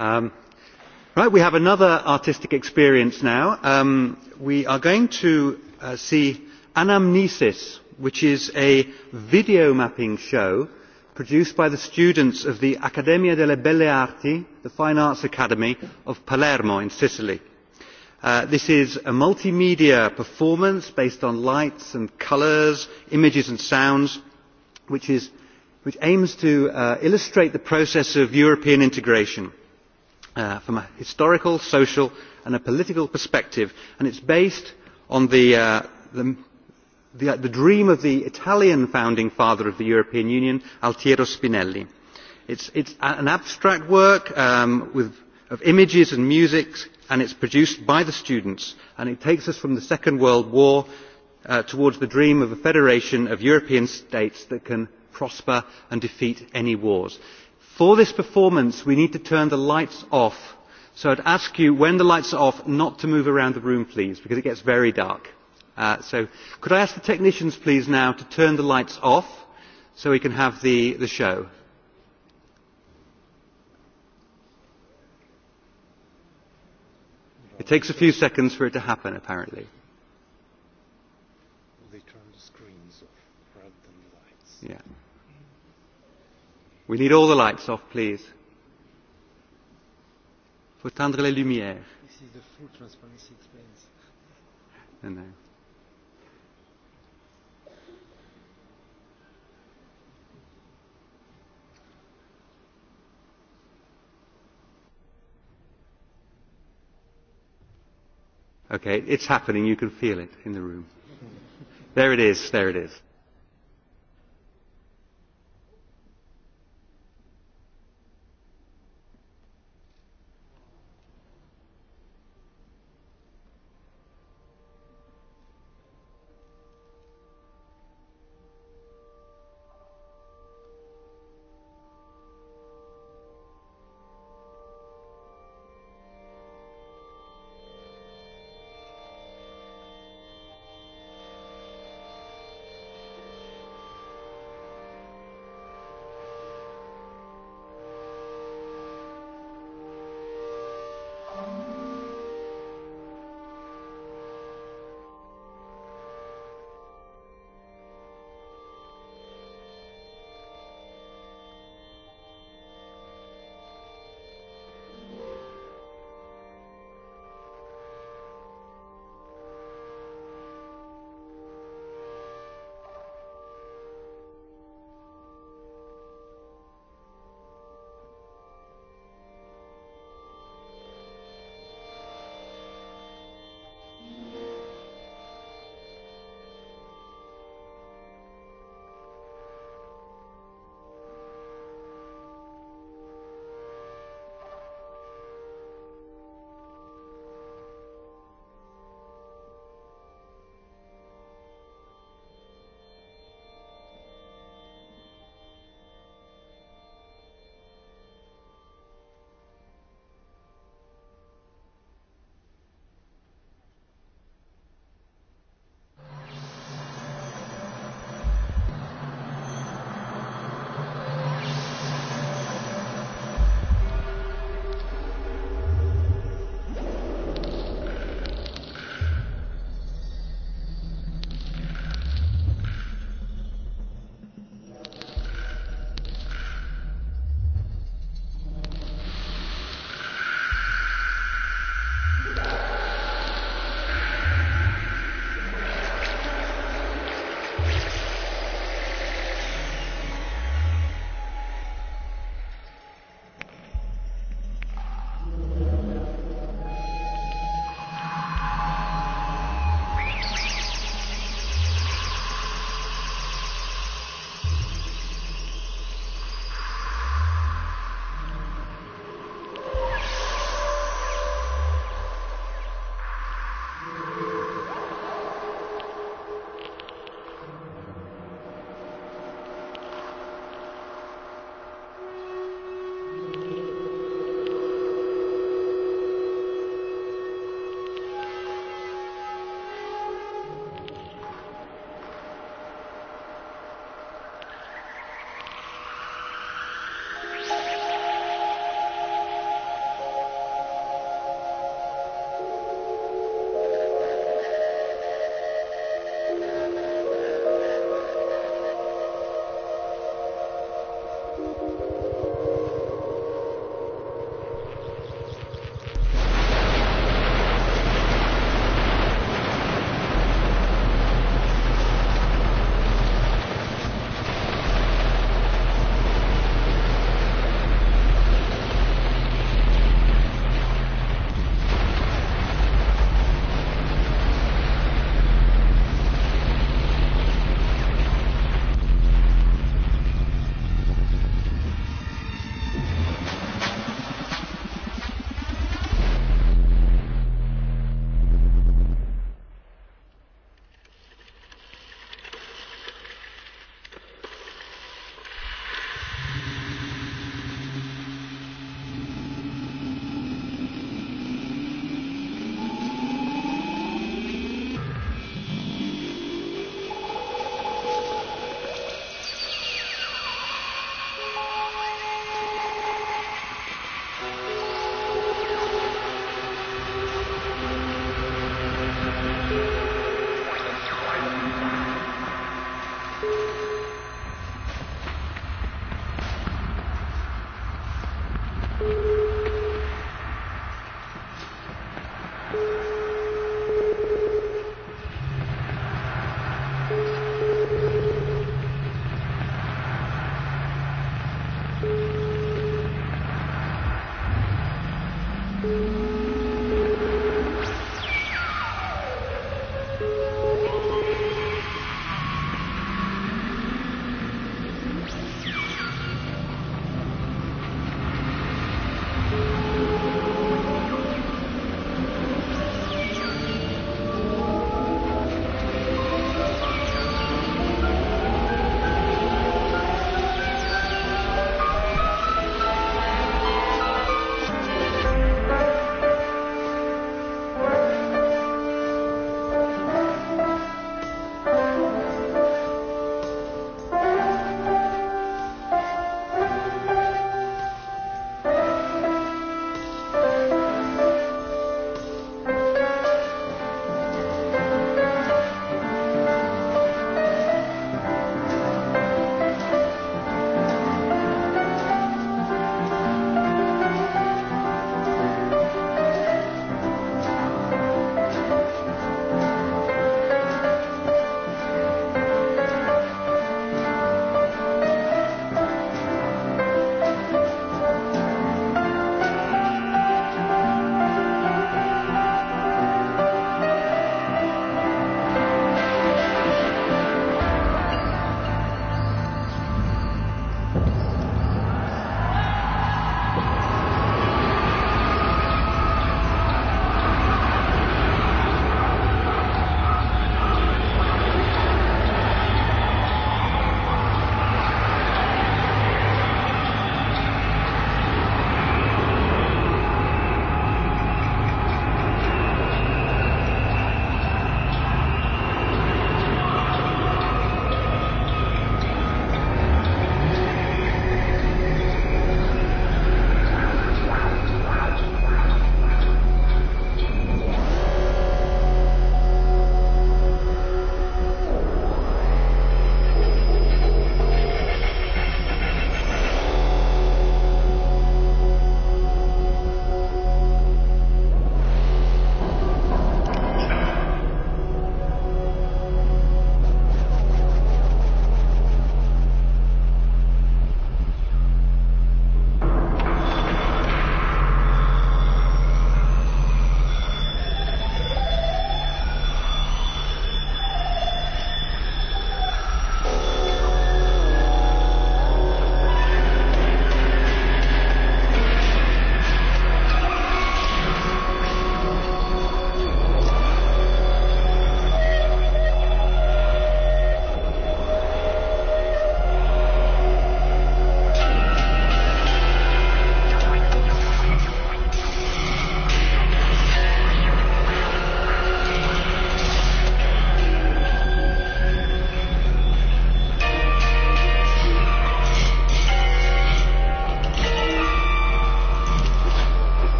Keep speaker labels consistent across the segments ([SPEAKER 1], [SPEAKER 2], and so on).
[SPEAKER 1] Um, right, we have another artistic experience now. Um, we are going to uh, see Anamnesis, which is a video mapping show produced by the students of the Accademia delle Belle Arti, the Fine Arts Academy of Palermo in Sicily. Uh, this is a multimedia performance based on lights and colours, images and sounds, which, is, which aims to uh, illustrate the process of European integration uh, from a historical, social and a political perspective and it is based on the, uh, the, the, uh, the dream of the Italian founding father of the European Union, Altiero Spinelli. It's, it's an abstract work um, with, of images and music and it's produced by the students and it takes us from the Second World War uh, towards the dream of a federation of European states that can prosper and defeat any wars for this performance we need to turn the lights off so i would ask you when the lights are off not to move around the room please because it gets very dark. Uh, so could i ask the technicians please now to turn the lights off so we can have the, the show. it takes a few seconds for it to happen apparently. We need all the lights off, please. Faut éteindre les lumières.
[SPEAKER 2] This is the full transparency explains.
[SPEAKER 1] No, no. Okay, it's happening. You can feel it in the room. there it is. There it is.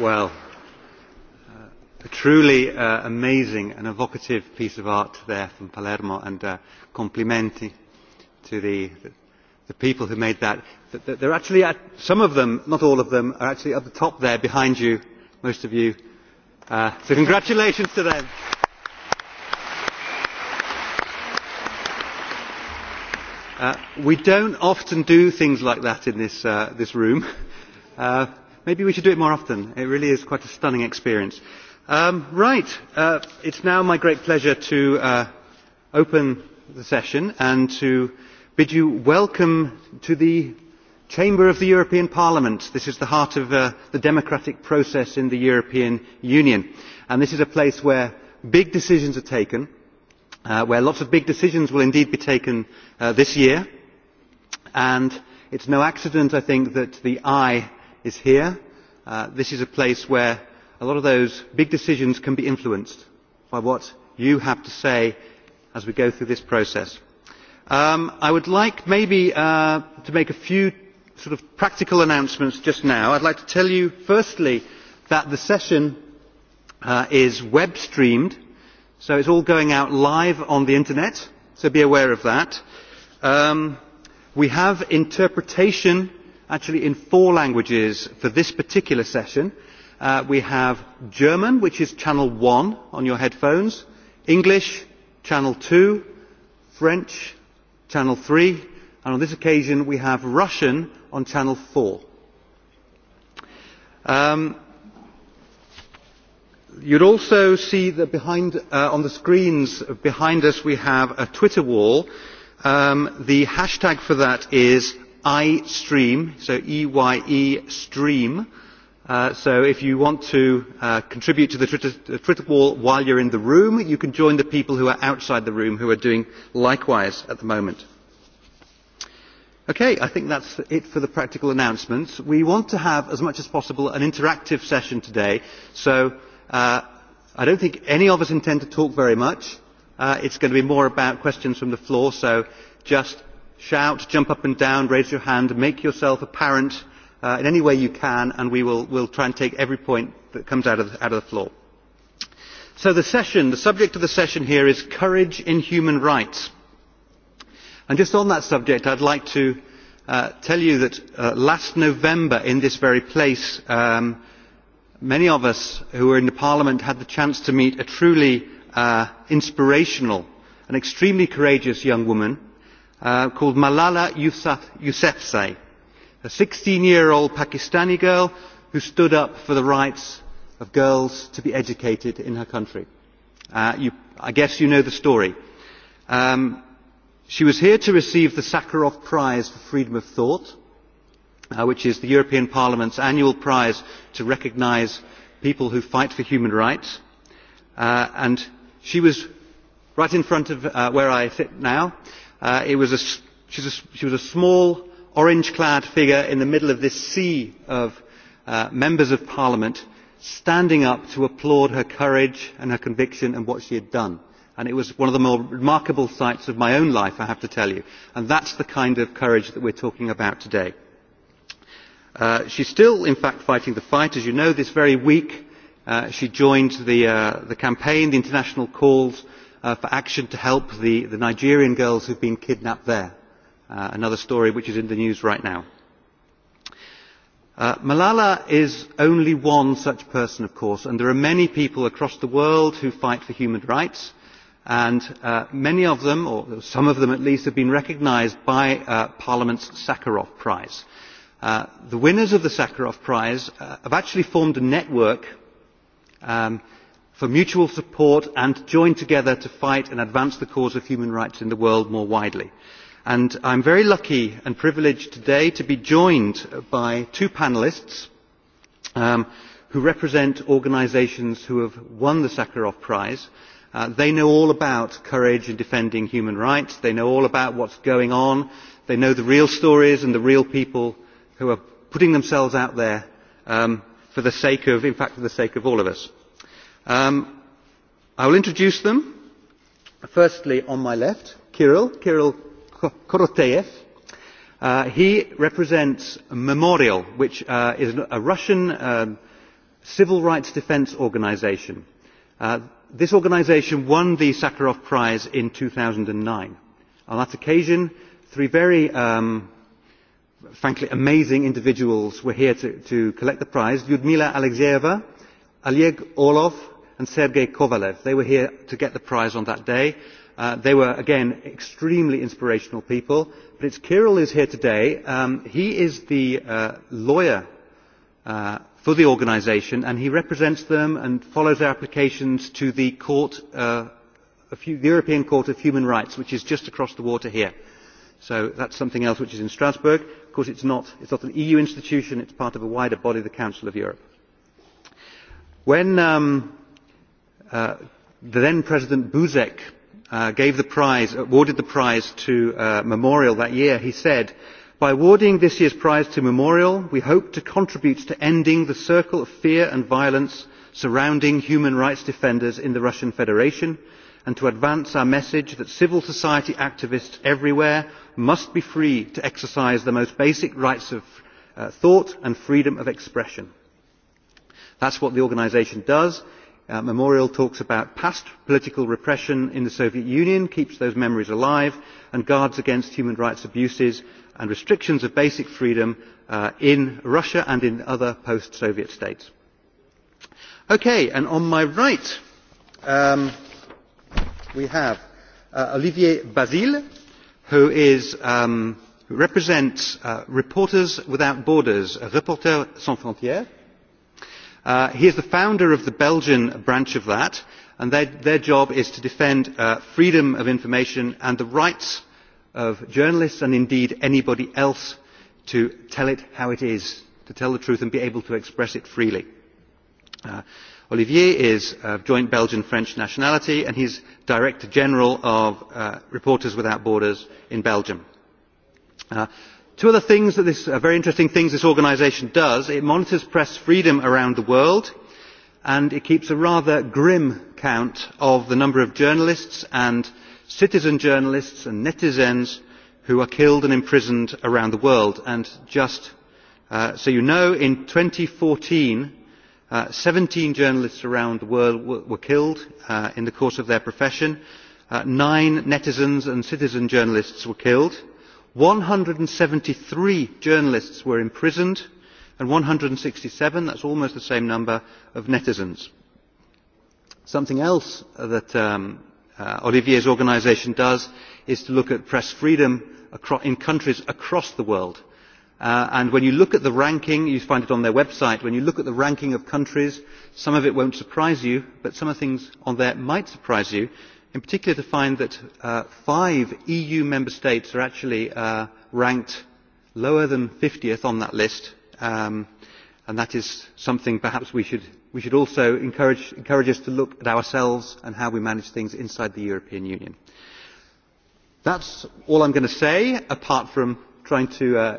[SPEAKER 1] Well, uh, a truly uh, amazing and evocative piece of art there from Palermo, and uh, complimenti to the, the, the people who made that. They're actually at, some of them, not all of them, are actually at the top there behind you, most of you. Uh, so congratulations to them. Uh, we don't often do things like that in this, uh, this room. Uh, Maybe we should do it more often. It really is quite a stunning experience. Um, right, uh, it's now my great pleasure to uh, open the session and to bid you welcome to the chamber of the european parliament. this is the heart of uh, the democratic process in the european union and this is a place where big decisions are taken uh, where lots of big decisions will indeed be taken uh, this year and it is no accident i think that the eye is here. Uh, this is a place where a lot of those big decisions can be influenced by what you have to say as we go through this process. Um, I would like maybe uh, to make a few sort of practical announcements just now. I'd like to tell you firstly that the session uh, is web streamed, so it's all going out live on the internet, so be aware of that. Um, we have interpretation actually in four languages for this particular session. Uh, we have German, which is channel 1 on your headphones, English, channel 2, French, channel 3, and on this occasion we have Russian on channel 4. Um, you'd also see that behind, uh, on the screens behind us we have a Twitter wall. Um, the hashtag for that is iStream, so EYE e Stream. Uh, so if you want to uh, contribute to the Twitter, the Twitter wall while you're in the room, you can join the people who are outside the room who are doing likewise at the moment. Okay, I think that's it for the practical announcements. We want to have, as much as possible, an interactive session today. So uh, I don't think any of us intend to talk very much. Uh, it's going to be more about questions from the floor, so just shout jump up and down raise your hand make yourself apparent uh, in any way you can and we will we'll try and take every point that comes out of, out of the floor. So the session, the subject of the session here is courage in human rights. And just on that subject, I'd like to uh, tell you that uh, last November in this very place, um, many of us who were in the Parliament had the chance to meet a truly uh, inspirational and extremely courageous young woman uh, called Malala Yousafzai, a 16-year-old Pakistani girl who stood up for the rights of girls to be educated in her country. Uh, you, I guess you know the story. Um, she was here to receive the Sakharov Prize for Freedom of Thought, uh, which is the European Parliament's annual prize to recognise people who fight for human rights. Uh, and she was right in front of uh, where I sit now. Uh, it was a, she's a, she was a small orange clad figure in the middle of this sea of uh, members of parliament standing up to applaud her courage and her conviction and what she had done. And it was one of the more remarkable sights of my own life, I have to tell you. And that's the kind of courage that we're talking about today. Uh, she's still, in fact, fighting the fight. As you know, this very week uh, she joined the, uh, the campaign, the international calls uh, for action to help the, the Nigerian girls who've been kidnapped there. Uh, another story which is in the news right now. Uh, Malala is only one such person, of course, and there are many people across the world who fight for human rights, and uh, many of them, or some of them at least, have been recognised by uh, Parliament's Sakharov Prize. Uh, the winners of the Sakharov Prize uh, have actually formed a network um, for mutual support and join together to fight and advance the cause of human rights in the world more widely. i am very lucky and privileged today to be joined by two panellists um, who represent organisations who have won the sakharov prize. Uh, they know all about courage in defending human rights they know all about what is going on they know the real stories and the real people who are putting themselves out there um, for the sake of in fact for the sake of all of us. Um, I will introduce them. Firstly, on my left, Kirill, Kirill Koroteyev. Uh, he represents Memorial, which uh, is a Russian um, civil rights defense organization. Uh, this organization won the Sakharov Prize in 2009. On that occasion, three very um, frankly amazing individuals were here to, to collect the prize, Lyudmila Alexeyeva, Oleg Orlov, and sergei kovalev. they were here to get the prize on that day. Uh, they were again extremely inspirational people but it is kirill who is here today. Um, he is the uh, lawyer uh, for the organisation and he represents them and follows their applications to the, court, uh, the european court of human rights which is just across the water here. so that is something else which is in strasbourg. of course it is not an eu institution it is part of a wider body the council of europe. when um, uh, the then President Buzek uh, gave the prize, awarded the prize to uh, Memorial that year, he said, by awarding this year's prize to Memorial, we hope to contribute to ending the circle of fear and violence surrounding human rights defenders in the Russian Federation and to advance our message that civil society activists everywhere must be free to exercise the most basic rights of uh, thought and freedom of expression. That's what the organisation does Uh, memorial talks about past political repression in the soviet union keeps those memories alive and guards against human rights abuses and restrictions of basic freedom uh, in russia and in other post soviet states. Okay, and on my right um, we have uh, olivier basile who is, um, represents uh, reporters without borders reporters sans frontires Uh, he is the founder of the belgian branch of that and their job is to defend uh, freedom of information and the rights of journalists and indeed anybody else to tell it how it is to tell the truth and be able to express it freely. Uh, olivier is of joint belgian french nationality and he is director general of reporters without borders in belgium two other uh, very interesting things this organisation does it monitors press freedom around the world and it keeps a rather grim count of the number of journalists and citizen journalists and netizens who are killed and imprisoned around the world. just uh, so you know in two thousand and fourteen uh, seventeen journalists around the world were killed in the course of their profession nine netizens and citizen journalists were killed one hundred and seventy three journalists were imprisoned and one hundred and sixty seven that is almost the same number of netizens. something else that um, uh, olivier's organisation does is to look at press freedom in countries across the world. Uh, and when you look at the ranking you find it on their website when you look at the ranking of countries some of it will not surprise you but some of the things on there might surprise you in particular to find that uh, five eu member states are actually uh, ranked lower than fiftieth on that list um, and that is something perhaps we should also encourage us to look at ourselves and how we manage things inside the european union. that is all i am going to say apart from trying to uh,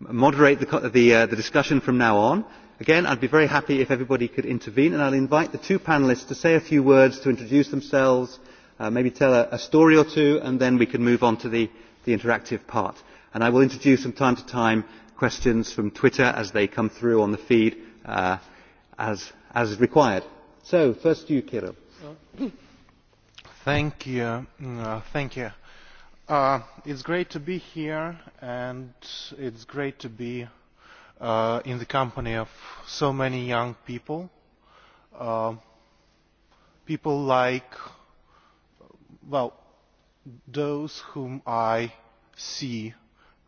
[SPEAKER 1] moderate the discussion from now on. again i would be very happy if everybody could intervene and i will invite the two panellists to say a few words to introduce themselves uh, maybe tell a, a story or two, and then we can move on to the, the interactive part. And I will introduce from time to time questions from Twitter as they come through on the feed uh, as, as required. So, first you, Kirill. Thank you.
[SPEAKER 3] Uh, thank you. Uh, it's great to be here, and it's great to be uh, in the company of so many young people. Uh, people like well, those whom I see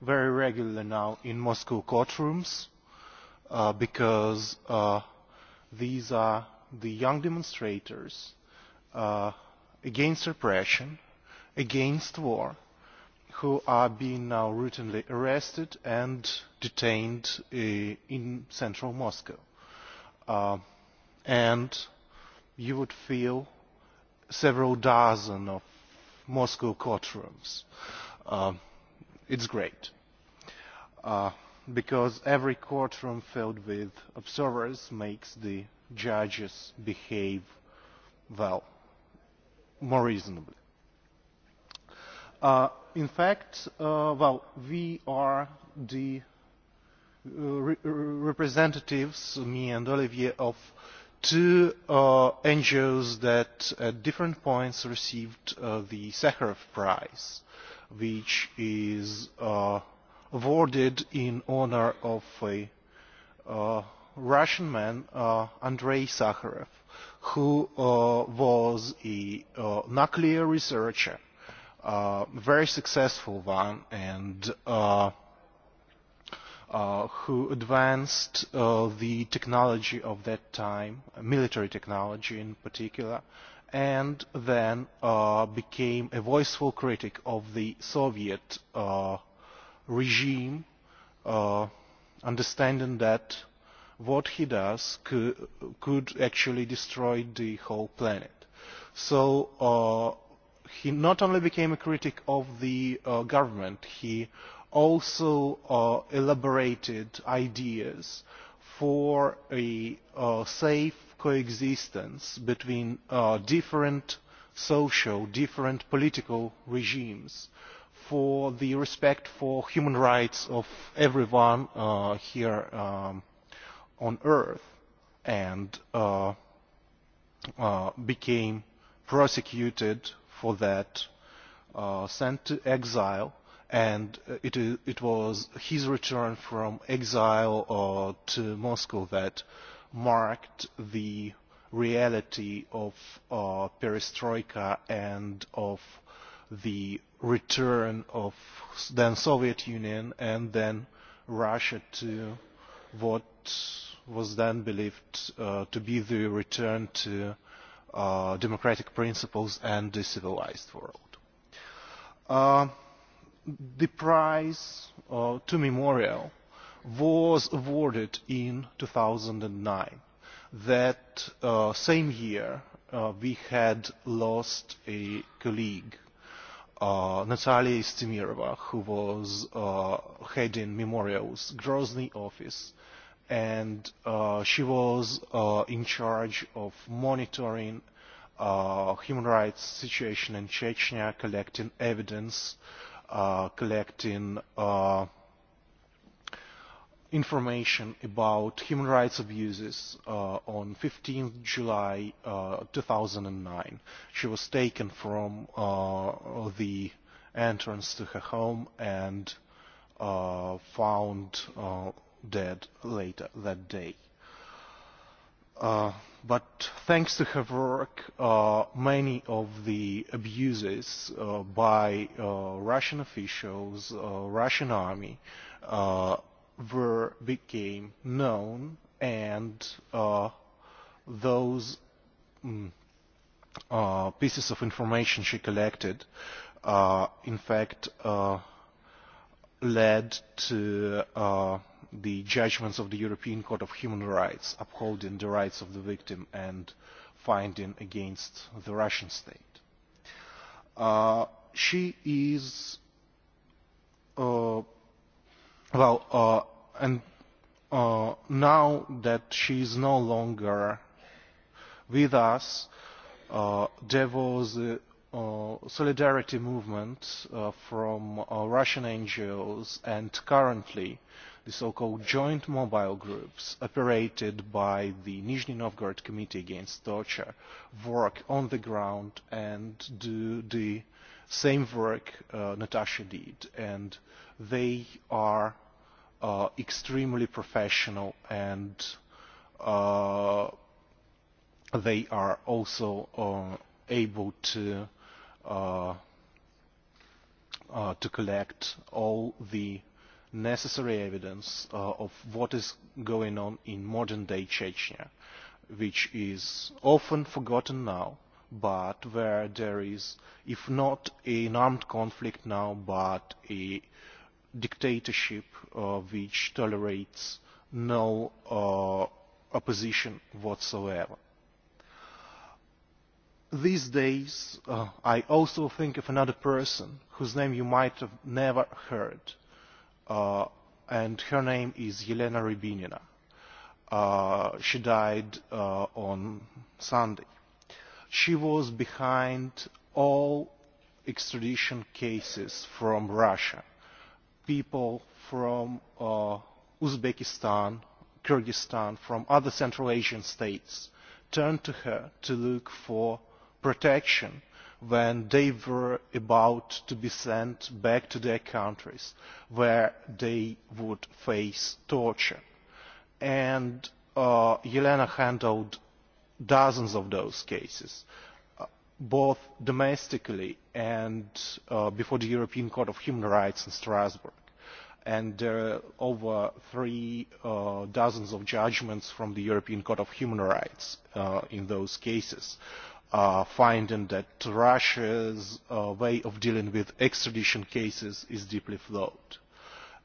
[SPEAKER 3] very regularly now in Moscow courtrooms, uh, because uh, these are the young demonstrators uh, against repression, against war, who are being now routinely arrested and detained uh, in central Moscow. Uh, and you would feel several dozen of Moscow courtrooms. Uh, it's great. Uh, because every courtroom filled with observers makes the judges behave, well, more reasonably. Uh, in fact, uh, well, we are the uh, re representatives, me and Olivier, of uh, two uh, NGOs that at different points received uh, the Sakharov Prize, which is uh, awarded in honor of a uh, Russian man, uh, Andrei Sakharov, who uh, was a uh, nuclear researcher, a uh, very successful one, and uh, uh, who advanced uh, the technology of that time, military technology in particular, and then uh, became a voiceful critic of the Soviet uh, regime, uh, understanding that what he does could, could actually destroy the whole planet. So uh, he not only became a critic of the uh, government, he uh, also uh, elaborated ideas for a uh, safe coexistence between uh, different social, different political regimes, for the respect for human rights of everyone uh, here um, on earth, and uh, uh, became prosecuted for that, uh, sent to exile, and uh, it, it was his return from exile or uh, to Moscow that marked the reality of uh, perestroika and of the return of then Soviet Union and then Russia to what was then believed uh, to be the return to uh, democratic principles and the civilized world. Uh, the prize uh, to Memorial was awarded in 2009. That uh, same year, uh, we had lost a colleague, uh, Natalia Istimirova, who was uh, heading Memorial's Grozny office, and uh, she was uh, in charge of monitoring uh, human rights situation in Chechnya, collecting evidence uh, uh, collecting uh, information about human rights abuses uh, on 15th July uh, 2009. She was taken from uh, the entrance to her home and uh, found uh, dead later that day. Uh, but thanks to her work, uh, many of the abuses uh, by uh, Russian officials, uh, Russian army, uh, were became known, and uh, those mm, uh, pieces of information she collected, uh, in fact, uh, led to uh, the judgments of the European Court of Human Rights upholding the rights of the victim and finding against the Russian state. Uh, she is, uh, well, uh, and uh, now that she is no longer with us, uh, there was a uh, solidarity movement uh, from uh, Russian NGOs and currently uh, the so-called joint mobile groups operated by the Nizhny Novgorod Committee Against Torture work on the ground and do the same work uh, Natasha did. And they are uh, extremely professional and uh, they are also uh, able to uh, uh, to collect all the necessary evidence uh, of what is going on in modern day Chechnya, which is often forgotten now, but where there is, if not an armed conflict now, but a dictatorship uh, which tolerates no uh, opposition whatsoever. These days, uh, I also think of another person whose name you might have never heard, uh, uh, and her name is Yelena Rybinina. Uh, she died uh, on Sunday. She was behind all extradition cases from Russia. People from uh, Uzbekistan, Kyrgyzstan, from other Central Asian states turned to her to look for protection when they were about to be sent back to their countries where they would face torture. And uh, Yelena handled dozens of those cases, uh, both domestically and uh, before the European Court of Human Rights in Strasbourg. And there are over three uh, dozens of judgments from the European Court of Human Rights uh, in those cases. Uh, uh, finding that Russia's uh, way of dealing with extradition cases is deeply flawed.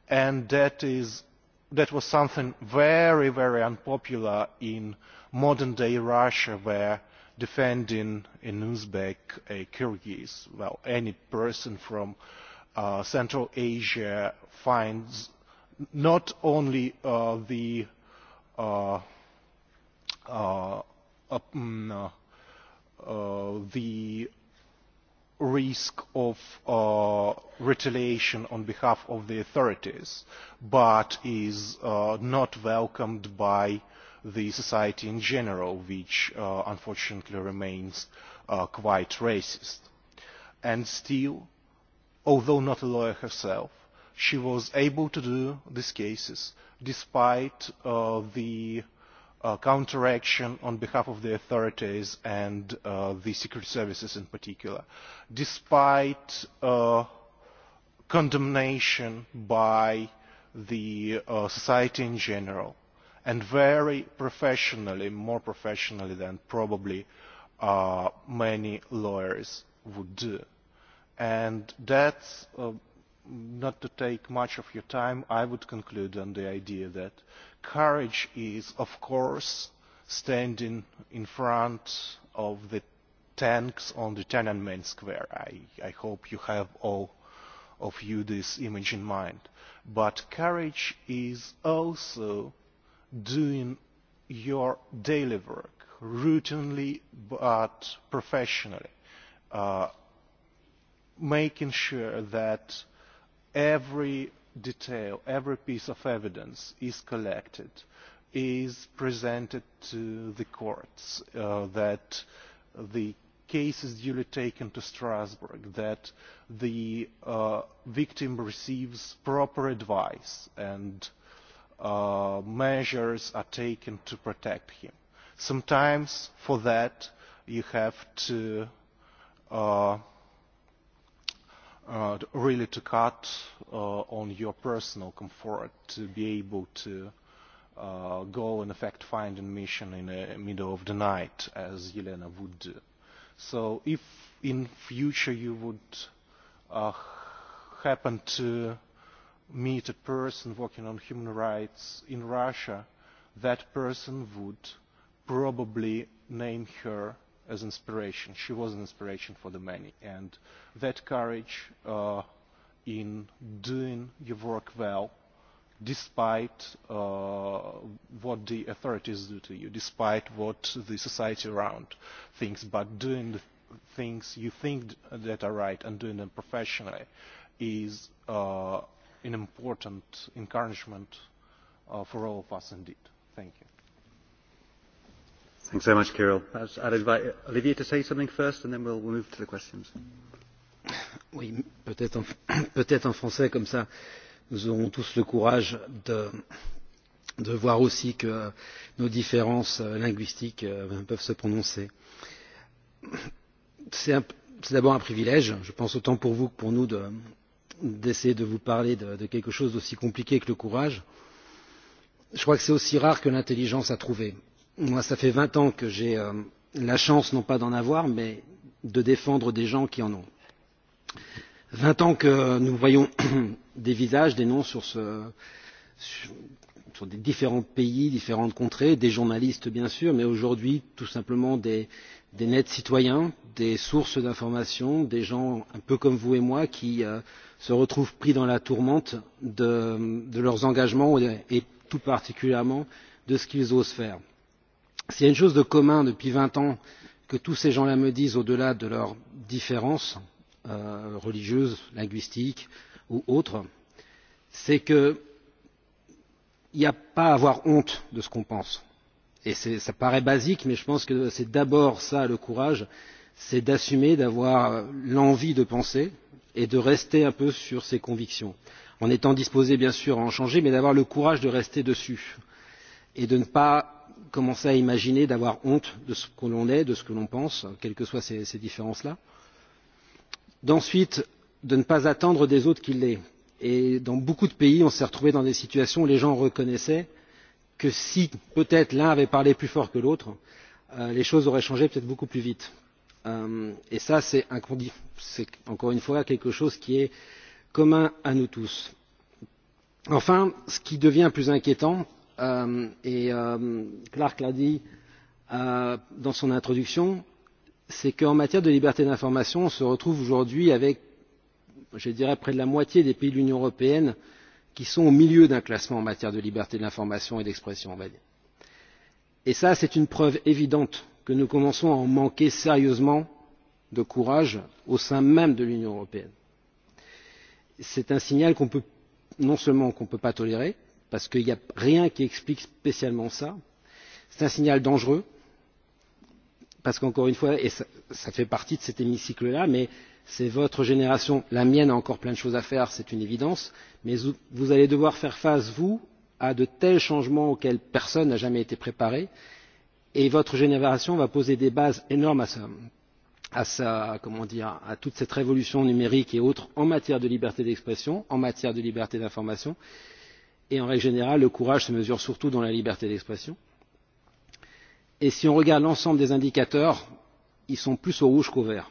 [SPEAKER 3] And that, is, that was something very, very unpopular in modern-day Russia, where defending an Uzbek, a Kyrgyz, well, any person from uh, Central Asia finds not only uh, the uh, uh, mm, uh, um, uh, uh, the risk of uh, retaliation on behalf of the authorities, but is uh, not welcomed by the society in general, which uh, unfortunately remains uh, quite racist. And still, although not a lawyer herself, she was able to do these cases despite uh, the uh, counteraction on behalf of the authorities and uh, the secret services in particular, despite uh, condemnation by the uh, society in general, and very professionally, more professionally than probably uh, many lawyers would do. And that's uh, not to take much of your time, I would conclude on the idea that courage is, of course, standing in front of the tanks on the Tiananmen Square. I, I hope you have all of you this image in mind. But courage is also doing your daily work, routinely but professionally, uh, making sure that every detail, every piece of evidence is collected, is presented to the courts, uh, that the case is duly taken to Strasbourg, that the uh, victim receives proper advice and uh, measures are taken to protect him. Sometimes for that you have to uh, uh, really to cut uh, on your personal comfort to be able to uh, go on a fact-finding mission in the middle of the night, as Yelena would do. So if in future you would uh, happen to meet a person working on human rights in Russia, that person would probably name her as inspiration. She was an inspiration for the many. And that courage uh, in doing your work well, despite uh, what the authorities do to you, despite what the society around thinks, but doing the things you think that are right and doing them professionally is uh, an important encouragement
[SPEAKER 1] uh, for all of us indeed. Thank you. Thanks very much, Kirill. I'd invite Olivier to say something first, and then we'll move to the questions.
[SPEAKER 2] Oui, peut-être en, peut en français, comme ça, nous aurons tous le courage de, de voir aussi que nos différences euh, linguistiques euh, peuvent se prononcer. C'est d'abord un privilège, je pense autant pour vous que pour nous, d'essayer de, de vous parler de, de quelque chose d'aussi compliqué que le courage. Je crois que c'est aussi rare que l'intelligence à trouver Moi, ça fait 20 ans que j'ai euh, la chance, non pas d'en avoir, mais de défendre des gens qui en ont. 20 ans que nous voyons des visages, des noms sur, ce, sur, sur des différents pays, différentes contrées, des journalistes bien sûr, mais aujourd'hui tout simplement des, des nets citoyens, des sources d'information, des gens un peu comme vous et moi qui euh, se retrouvent pris dans la tourmente de, de leurs engagements et, et tout particulièrement de ce qu'ils osent faire s'il y a une chose de commun depuis vingt ans que tous ces gens là me disent au delà de leurs différences euh, religieuses linguistiques ou autres c'est qu'il n'y a pas à avoir honte de ce qu'on pense. cela paraît basique mais je pense que c'est d'abord cela le courage c'est d'assumer d'avoir euh, l'envie de penser et de rester un peu sur ses convictions en étant disposé bien sûr à en changer mais d'avoir le courage de rester dessus et de ne pas commencer à imaginer d'avoir honte de ce que l'on est, de ce que l'on pense, quelles que soient ces, ces différences-là. D'ensuite, de ne pas attendre des autres qu'ils l'aient. Et dans beaucoup de pays, on s'est retrouvé dans des situations où les gens reconnaissaient que si peut-être l'un avait parlé plus fort que l'autre, euh, les choses auraient changé peut-être beaucoup plus vite. Euh, et ça, c'est encore une fois quelque chose qui est commun à nous tous. Enfin, ce qui devient plus inquiétant, euh, et euh, Clark l'a dit euh, dans son introduction, c'est qu'en matière de liberté d'information, on se retrouve aujourd'hui avec, je dirais, près de la moitié des pays de l'Union européenne qui sont au milieu d'un classement en matière de liberté de l'information et d'expression, on va dire. Et ça, c'est une preuve évidente que nous commençons à en manquer sérieusement de courage au sein même de l'Union européenne. C'est un signal qu'on peut non seulement qu'on ne peut pas tolérer, parce qu'il n'y a rien qui explique spécialement cela. c'est un signal dangereux parce qu'encore une fois et cela fait partie de cet hémicycle là mais c'est votre génération la mienne a encore plein de choses à faire c'est une évidence mais vous allez devoir faire face vous à de tels changements auxquels personne n'a jamais été préparé et votre génération va poser des bases énormes à ça à, sa, comment dire, à toute cette révolution numérique et autres en matière de liberté d'expression, en matière de liberté d'information. Euh, et en règle générale le courage se mesure surtout dans la liberté d'expression et si on regarde l'ensemble des indicateurs ils sont plus au rouge qu'au vert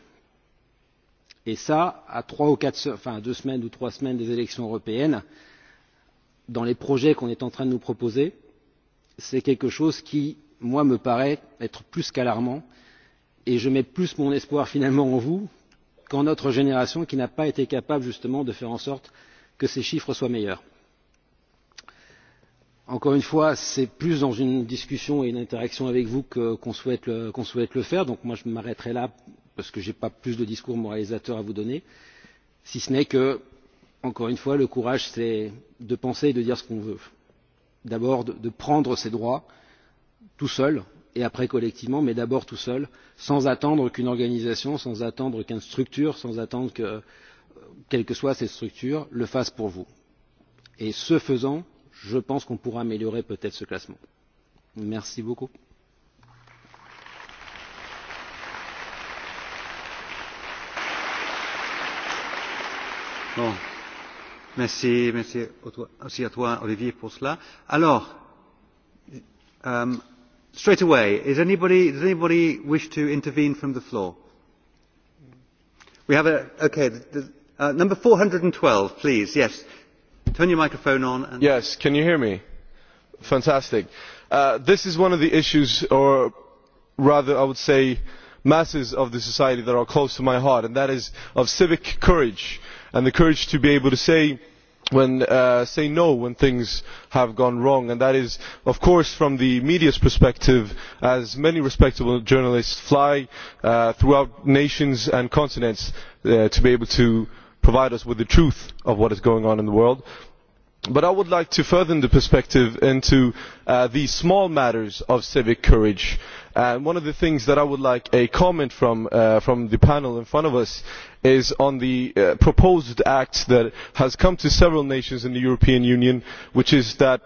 [SPEAKER 2] et ça à trois ou quatre enfin à deux semaines ou trois semaines des élections européennes dans les projets qu'on est en train de nous proposer c'est quelque chose qui moi me paraît être plus qu'alarmant et je mets plus mon espoir finalement en vous qu'en notre génération qui n'a pas été capable justement de faire en sorte que ces chiffres soient meilleurs encore une fois c'est plus dans une discussion et une interaction avec vous qu'on qu souhaite, qu souhaite le faire donc moi je m'arrêterai là parce que je n'ai pas plus de discours moralisateur à vous donner si ce n'est que encore une fois le courage c'est de penser et de dire ce qu'on veut d'abord de, de prendre ses droits tout seul et après collectivement mais d'abord tout seul sans attendre qu'une organisation sans attendre qu'une structure sans attendre que quelle que soit cette structure le fasse pour vous et ce faisant je pense qu'on pourra améliorer peut être ce classement. merci beaucoup.
[SPEAKER 1] Bon. Merci, merci aussi à toi, Olivier, pour cela. Alors, um, straight away, is anybody, does anybody wish to intervene from the floor? We have a, okay, the, uh, number 412, please, yes Turn your microphone on. And... Yes, can you
[SPEAKER 4] hear me? Fantastic. Uh, this is one of the issues, or rather, I would say, masses of the society that are close to my heart, and that is of civic courage and the courage to be able to say when uh, say no when things have gone wrong and that is of course from the media's perspective as many respectable journalists fly uh, throughout nations and continents uh, to be able to provide us with the truth of what is going on in the world but i would like to further the perspective into uh, the small matters of civic courage and one of the things that i would like a comment from uh, the panel in front of us is on the uh, proposed act that has come to several nations in the european union which is the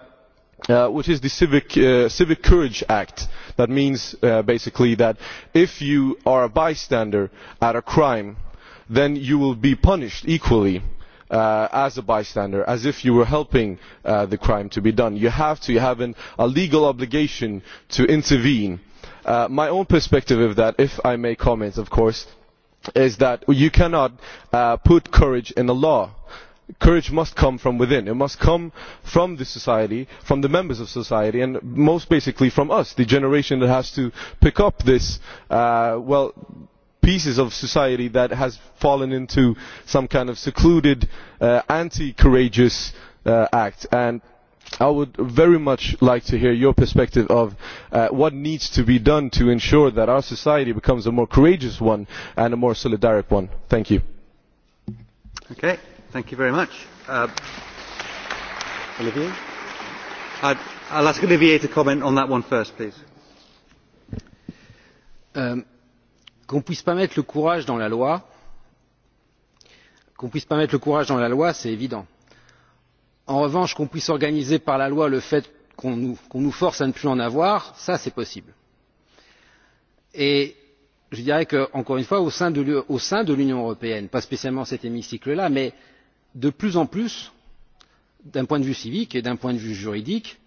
[SPEAKER 4] civic courage act that means basically that if you are a bystander at a crime then you will be punished equally uh, as a bystander, as if you were helping uh, the crime to be done. You have to, you have an, a legal obligation to intervene. Uh, my own perspective of that, if I may comment, of course, is that you cannot uh, put courage in a law. Courage must come from within. It must come from the society, from the members of society, and most basically from us, the generation that has to pick up this, uh, well, pieces of society that has fallen into some kind of secluded uh, anti courageous uh, act and i would very much like to hear your perspective on uh, what needs to be done to ensure that our society becomes a more courageous one and a more solidaric one. thank you.
[SPEAKER 1] i will ask olivier to comment on that one first please.
[SPEAKER 2] Um, qu'on ne puisse pas mettre le courage dans la loi qu'on puisse pas mettre le courage dans la loi c'est évident. en revanche qu'on puisse organiser par la loi le fait qu'on nous, qu'on nous force à ne plus en avoir ça c'est possible. et je dirais que encore une fois au sein de, au sein de l'union européenne pas spécialement cet hémicycle là mais de plus en plus d'un point de vue civique et d'un point de vue juridique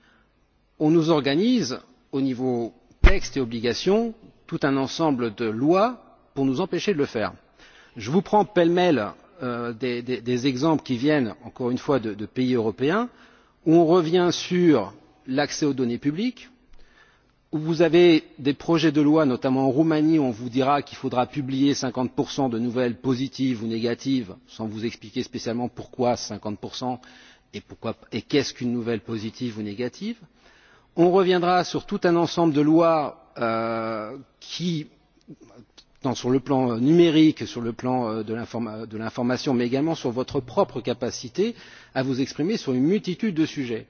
[SPEAKER 2] on nous organise au niveau textes et obligations tout un ensemble de lois pour nous empêcher de le faire. je vous prends pêle mêle euh, des, des, des exemples qui viennent encore une fois de, de pays européens où on revient sur l'accès aux données publiques où vous avez des projets de loi notamment en roumanie où on vous dira qu'il faudra publier cinquante de nouvelles positives ou négatives sans vous expliquer spécialement pourquoi cinquante et, et qu'est ce qu'une nouvelle positive ou négative. on reviendra sur tout un ensemble de lois euh, qui tant sur le plan numérique sur le plan euh, de l'information mais également sur votre propre capacité à vous exprimer sur une multitude de sujets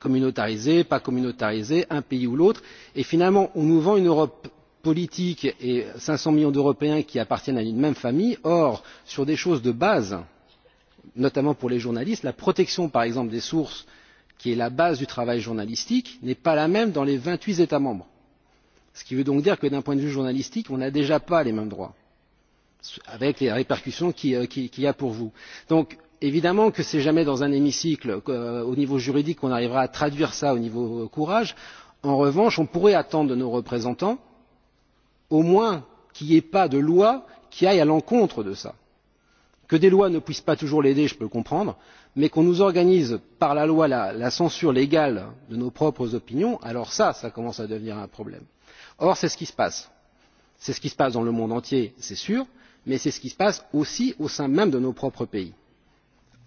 [SPEAKER 2] communautarisés pas communautarisés un pays ou l'autre et finalement on nous vend une europe politique et cinq cents millions d'européens qui appartiennent à une même famille or sur des choses de base notamment pour les journalistes la protection par exemple des sources qui est la base du travail journalistique n'est pas la même dans les vingt huit états membres ce qui veut donc dire que d'un point de vue journalistique on n'a déjà pas les mêmes droits avec les répercussions euh, qu'il y a pour vous. donc évidemment que ce n'est jamais dans un hémicycle euh, au niveau juridique qu'on arrivera à traduire cela au niveau euh, courage. en revanche on pourrait attendre de nos représentants au moins qu'il n'y ait pas de loi qui aille à l'encontre de cela. que des lois ne puissent pas toujours l'aider je peux le comprendre mais qu'on nous organise par la loi la censure légale de nos propres opinions alors cela commence à devenir un problème or c'est ce qui se passe c'est ce qui se passe dans le monde entier c'est sûr mais c'est ce qui se passe aussi au sein même de nos propres pays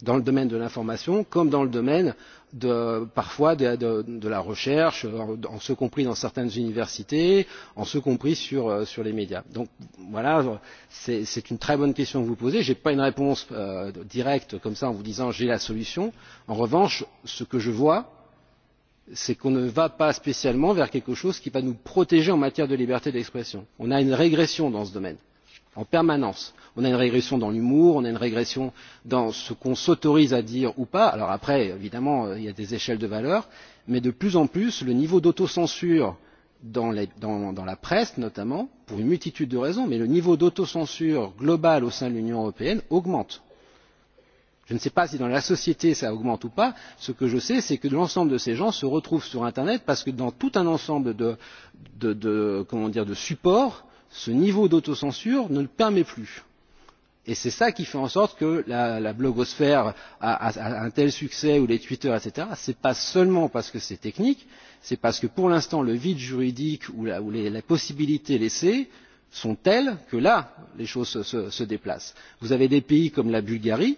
[SPEAKER 2] dans le domaine de l'information comme dans le domaine de, parfois de, de, de la recherche, en ce compris dans certaines universités, en ce compris sur, euh, sur les médias. Donc voilà, c'est une très bonne question que vous posez. Je n'ai pas une réponse euh, directe comme ça en vous disant j'ai la solution. En revanche, ce que je vois, c'est qu'on ne va pas spécialement vers quelque chose qui va nous protéger en matière de liberté d'expression. on a une régression dans ce domaine en permanence. on a une régression dans l'humour on a une régression dans ce qu'on s'autorise à dire ou pas alors après évidemment euh, il y a des échelles de valeurs mais de plus en plus le niveau d'autocensure dans, les, dans, dans la presse notamment pour une multitude de raisons mais le niveau d'autocensure global au sein de l'union européenne augmente je ne sais pas si dans la société ça augmente ou pas ce que je sais c'est que l'ensemble de ces gens se retrouvent sur internet parce que dans tout un ensemble de, de, de comment dire de supports ce niveau d'autocensure ne le permet plus et c'est ça qui fait en sorte que la, la blogosphère a, a, a un tel succès ou les twitter etc c'est pas seulement parce que c'est technique c'est parce que pour l'instant le vide juridique ou, la, ou les, les possibilités laissées sont telles que là les choses se, se, se déplacent. vous avez des pays comme la bulgarie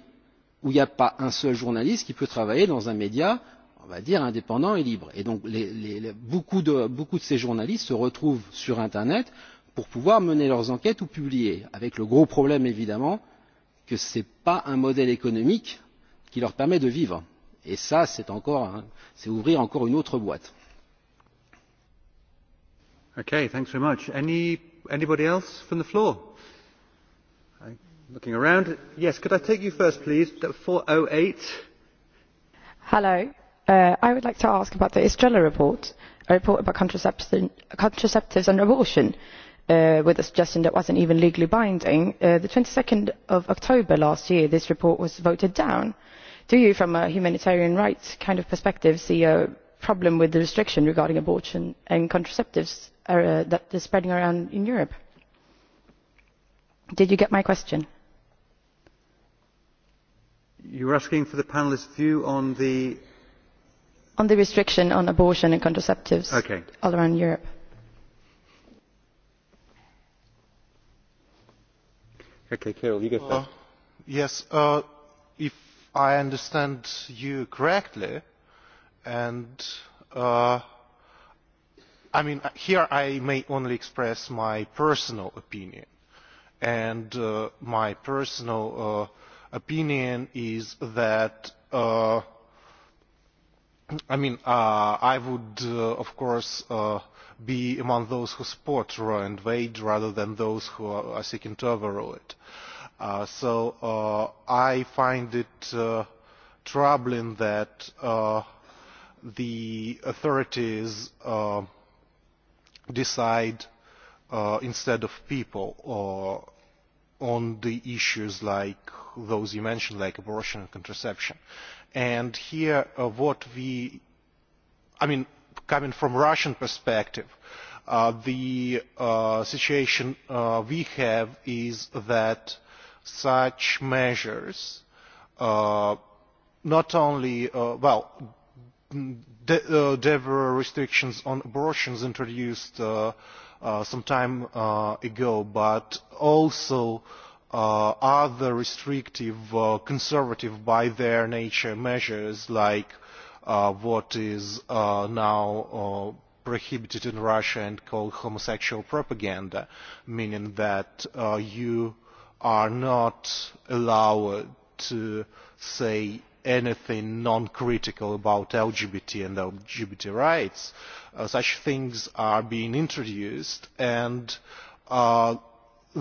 [SPEAKER 2] où il n'y a pas un seul journaliste qui peut travailler dans un média on va dire indépendant et libre. Et donc les, les, beaucoup, de, beaucoup de ces journalistes se retrouvent sur Internet pour pouvoir mener leurs enquêtes ou publier, avec le gros problème évidemment que ce n'est pas un modèle économique qui leur permet de vivre. Et ça, c'est encore, c'est ouvrir encore une autre boîte. Okay, thanks very much.
[SPEAKER 1] Any, anybody else from the floor? Looking around. Yes, could I take you first, please? 408.
[SPEAKER 5] Hello. Uh, I would like to ask about the Estrella report, a report about contraception, contraceptives and abortion, uh, with a suggestion that wasn't even legally binding. Uh, the 22nd of October last year, this report was voted down. Do you, from a humanitarian rights kind of perspective, see a problem with the restriction regarding abortion and contraceptives uh, that is spreading around in Europe? Did you get my question?
[SPEAKER 1] you are asking for the panelists' view on the
[SPEAKER 5] on the restriction on abortion and contraceptives okay. all around Europe.
[SPEAKER 1] Okay, Carol, you go
[SPEAKER 6] uh, first. Uh,
[SPEAKER 3] yes, uh, if I understand you correctly, and uh, I mean here I may only express my personal opinion and uh, my personal. Uh, opinion is that uh, I mean, uh, I would, uh, of course, uh, be among those who support Roe and Wade rather than those who are, are seeking to overrule it. Uh, so uh, I find it uh, troubling that uh, the authorities uh, decide uh, instead of people or on the issues like those you mentioned, like abortion and contraception. And here, uh, what we, I mean, coming from Russian perspective, uh, the uh, situation uh, we have is that such measures uh, not only, uh, well, de uh, there were restrictions on abortions introduced uh, uh, some time uh, ago, but also uh, other restrictive, uh, conservative by their nature measures like uh, what is uh, now uh, prohibited in Russia and called homosexual propaganda, meaning that uh, you are not allowed to say anything non critical about lgbt and lgbt rights uh, such things are being introduced and uh,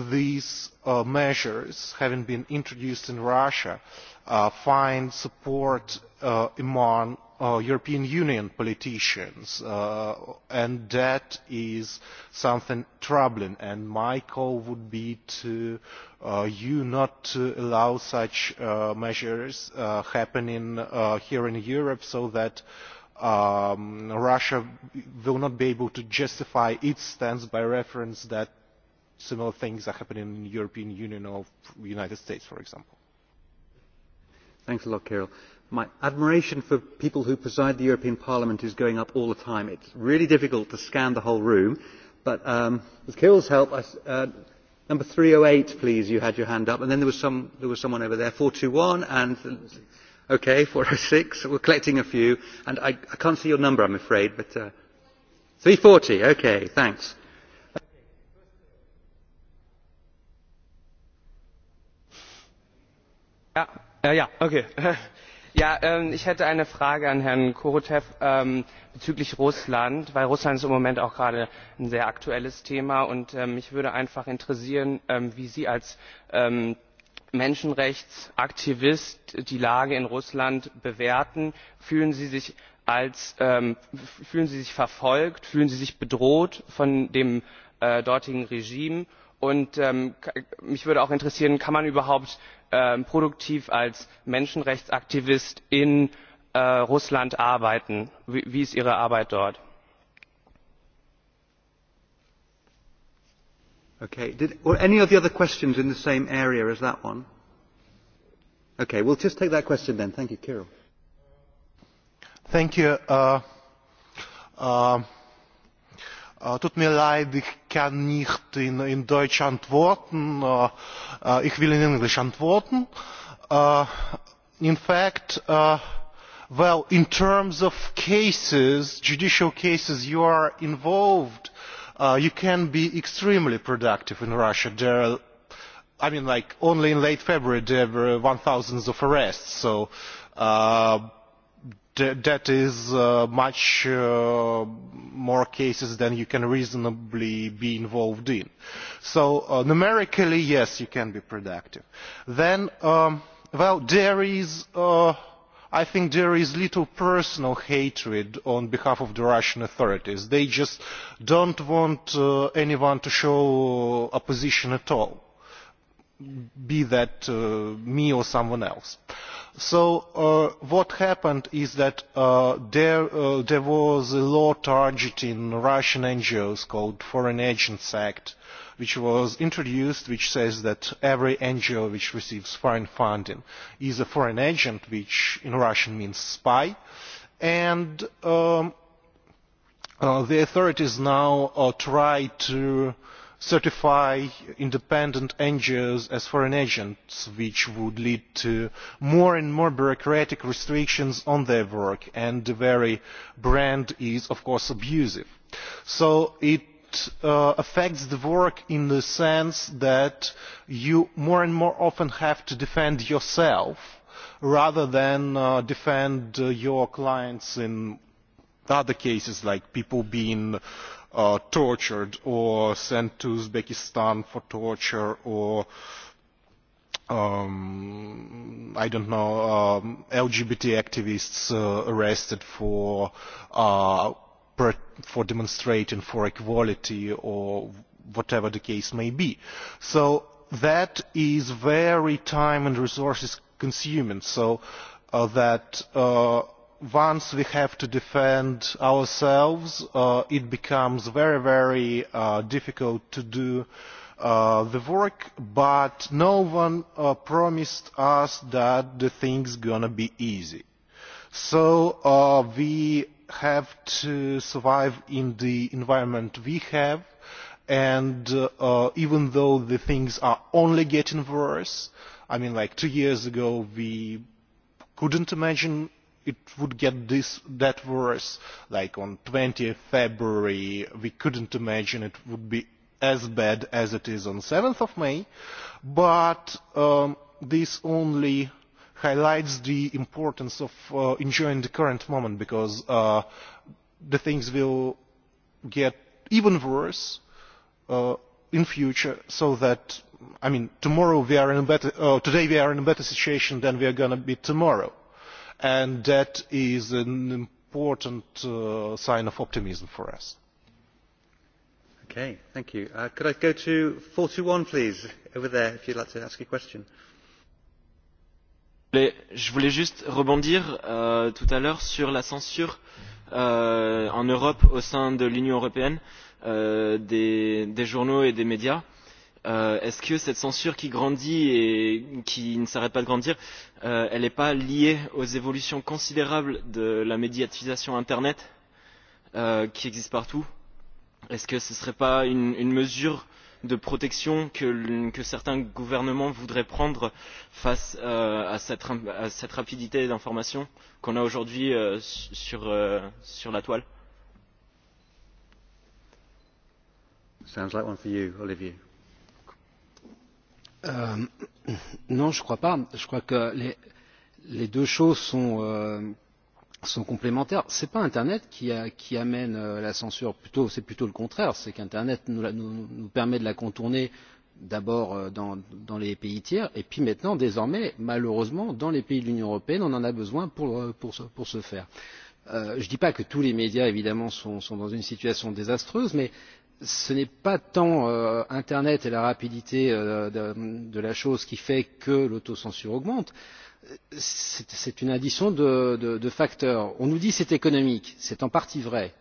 [SPEAKER 3] these uh, measures having been introduced in russia uh, find support uh, among uh, European Union politicians, uh, and that is something troubling. And my call would be to uh, you not to allow such uh, measures uh, happening uh, here in Europe, so that um, Russia will not be able to justify its stance by reference
[SPEAKER 1] that similar things are happening in the European Union or United States, for example. Thanks a lot, Carol. Uh, my admiration for people who preside the european parliament is going up all the time. it is really difficult to scan the whole room but um, with Kirill's help I, uh, number 308 please you had your hand up and then there was, some, there was someone over there 421 and okay 406 we're collecting a few and I, I can't see your number I'm afraid but uh, 340 okay thanks
[SPEAKER 6] yeah, uh, yeah, okay. Ja, ähm, ich hätte eine frage an herrn korotev ähm, bezüglich russland denn russland ist im moment auch gerade ein sehr aktuelles thema und ähm, mich würde einfach interessieren ähm, wie sie als ähm, menschenrechtsaktivist die lage in russland bewerten. fühlen sie sich als ähm, fühlen sie sich verfolgt fühlen sie sich bedroht von dem äh, dortigen regime? und mich würde auch interessieren kann man überhaupt Ähm, produktiv als menschenrechtsaktivist in äh, russland arbeiten?
[SPEAKER 5] wie ist ihre arbeit dort?
[SPEAKER 1] Okay. Did, were any of the other questions in the same area as that one? Okay, we'll just take that question then. Thank you, Kirill. Thank you.
[SPEAKER 3] Uh, uh, tut mir leid, ich kann nicht in, in Deutsch antworten. Uh, ich will in English antworten. Uh, in fact, uh, well, in terms of cases, judicial cases you are involved, uh, you can be extremely productive in Russia. There are I mean, like, only in late February there were 1,000 of arrests, so uh, that is uh, much uh, more cases than you can reasonably be involved in. So uh, numerically, yes, you can be productive. Then, um, well, there is, uh, I think there is little personal hatred on behalf of the Russian authorities. They just don't want uh, anyone to show uh, opposition at all be that uh, me or someone else. So uh, what happened is that uh, there, uh, there was a law targeting Russian NGOs called Foreign Agents Act, which was introduced, which says that every NGO which receives foreign funding is a foreign agent, which in Russian means spy. And um, uh, the authorities now uh, try to uh, certify independent ngos as foreign agents which would lead to more and more bureaucratic restrictions on their work and the very brand is of course abusive. so it uh, affects the work in the sense that you more and more often have to defend yourself rather than uh, defend uh, your clients in other cases like people being uh, tortured or sent to Uzbekistan for torture or um, I don't know, um, LGBT activists uh, arrested for uh, per, for demonstrating for equality or whatever the case may be. So that is very time and resources consuming. So uh, that uh, once we have to defend ourselves uh, it becomes very very uh, difficult to do uh, the work but no one uh, promised us that the thing's gonna be easy so uh, we have to survive in the environment we have and uh, uh, even though the things are only getting worse i mean like two years ago we couldn't imagine it would get this that worse like on 20 february we couldn't imagine it would be as bad as it is on 7th of may but um, this only highlights the importance of uh, enjoying the current moment because uh, the things will get even worse uh, in future so that I mean tomorrow we are in a better uh, today we are in a better situation than we are going to be tomorrow and that is an important
[SPEAKER 1] uh, sign of optimism for us. Okay, thank you. Uh, could I go to 41, please, over there, if you'd like to ask a question?
[SPEAKER 6] Je voulais juste rebondir euh, tout à l'heure sur la censure euh, en Europe au sein de l'Union européenne euh, des, des journaux et des médias euh, est-ce que cette censure qui grandit et qui ne s'arrête pas de grandir, euh, elle n'est pas liée aux évolutions considérables de la médiatisation Internet euh, qui existe partout Est-ce que ce ne serait pas une, une mesure de protection que, que certains gouvernements voudraient prendre face euh, à, cette, à cette rapidité d'information qu'on a aujourd'hui euh, sur, euh, sur la toile
[SPEAKER 1] Sounds like one for you, Olivier
[SPEAKER 2] euh, Non, je ne crois pas. Je crois que les, les deux choses sont, euh, sont complémentaires. Ce n'est pas Internet qui, a, qui amène euh, la censure, plutôt, c'est plutôt le contraire. C'est qu'Internet nous, la, nous, nous permet de la contourner d'abord euh, dans, dans les pays tiers et puis maintenant désormais malheureusement dans les pays de l'union européenne on en a besoin pour, euh, pour, pour ce faire. Euh, je ne dis pas que tous les médias évidemment sont, sont dans une situation désastreuse mais ce n'est pas tant euh, internet et la rapidité euh, de, de la chose qui fait que l'autocensure augmente c'est une addition de, de, de facteurs. on nous dit que c'est économique c'est en partie vrai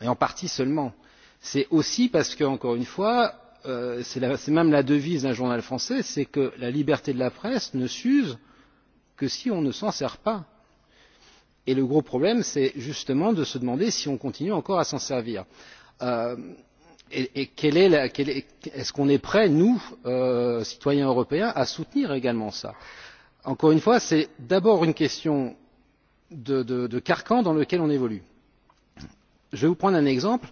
[SPEAKER 2] et en partie seulement. c'est aussi parce que encore une fois euh, c'est même la devise d'un journal français c'est que la liberté de la presse ne s'use que si on ne s'en sert pas. et le gros problème c'est justement de se demander si on continue encore à s'en servir. Euh, euh, et, et quel est, la, quel est, est ce qu'on est prêt, nous, euh, citoyens européens, à soutenir également ça Encore une fois, c'est d'abord une question de, de, de carcan dans lequel on évolue. Je vais vous prendre un exemple.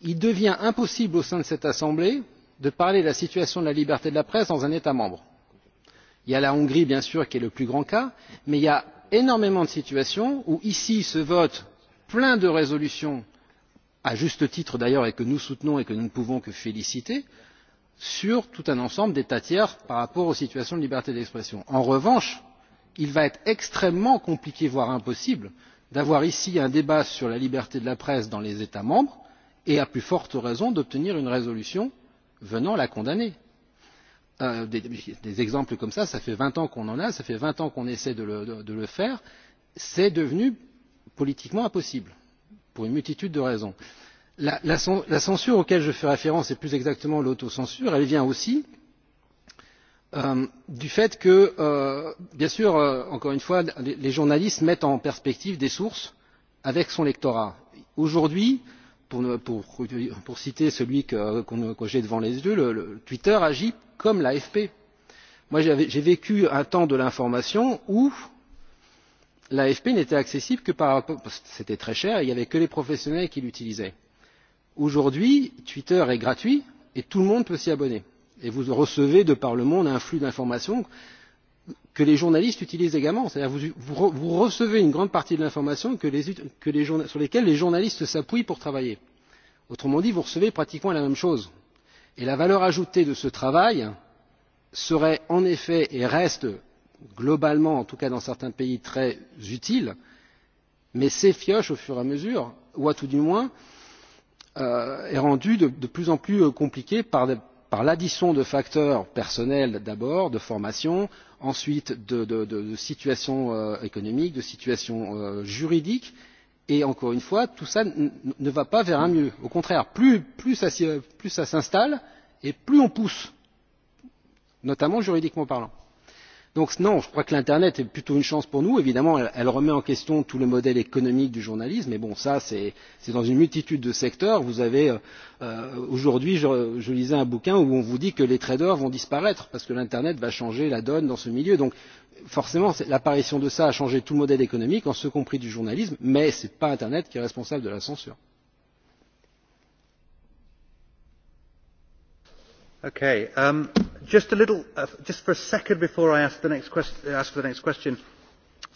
[SPEAKER 2] Il devient impossible au sein de cette Assemblée de parler de la situation de la liberté de la presse dans un État membre. Il y a la Hongrie, bien sûr, qui est le plus grand cas, mais il y a énormément de situations où ici se votent plein de résolutions à juste titre d'ailleurs et que nous soutenons et que nous ne pouvons que féliciter sur tout un ensemble d'états tiers par rapport aux situations de liberté d'expression. en revanche il va être extrêmement compliqué voire impossible d'avoir ici un débat sur la liberté de la presse dans les états membres et à plus forte raison d'obtenir une résolution venant la condamner. Euh, des, des exemples comme ça, ça fait 20 ans qu'on en a, ça fait 20 ans qu'on essaie de le, de, de le faire, c'est devenu politiquement impossible pour une multitude de raisons. La, la, la censure à laquelle je fais référence et plus exactement l'autocensure elle vient aussi euh, du fait que euh, bien sûr euh, encore une fois les, les journalistes mettent en perspective des sources avec son lectorat. aujourd'hui pour, pour, pour citer celui que, que, que j'ai devant les yeux le, le twitter agit comme l'afp. j'ai vécu un temps de l'information où l'afp n'était accessible que par c'était très cher et il n'y avait que les professionnels qui l'utilisaient. aujourd'hui twitter est gratuit et tout le monde peut s'y abonner et vous recevez de par le monde un flux d'informations que les journalistes utilisent également c'est à dire que vous recevez une grande partie de l'information sur laquelle les journalistes s'appuient pour travailler. autrement dit vous recevez pratiquement la même chose et la valeur ajoutée de ce travail serait en effet et reste globalement en tout cas dans certains pays très utiles mais s'effioche au fur et à mesure ou à tout du moins euh, est rendu de, de plus en plus euh, compliqué par, par l'addition de facteurs personnels d'abord, de formation, ensuite de, de, de, de situation euh, économique, de situation euh, juridique, et encore une fois, tout ça ne va pas vers un mieux. Au contraire, plus, plus ça, plus ça s'installe et plus on pousse, notamment juridiquement parlant donc non je crois que l'internet est plutôt une chance pour nous évidemment elle remet en question tout le modèle économique du journalisme mais bon ça c'est dans une multitude de secteurs vous avez euh, aujourd'hui je lisais un bouquin où on vous dit que les traders vont disparaître parce que l'internet va changer la donne dans ce milieu donc forcément l'apparition de ça a changé tout le modèle économique y compris du journalisme mais ce n'est pas internet qui est responsable de la censure.
[SPEAKER 1] okay um just a little uh, just for a second before i ask the next question ask for the next question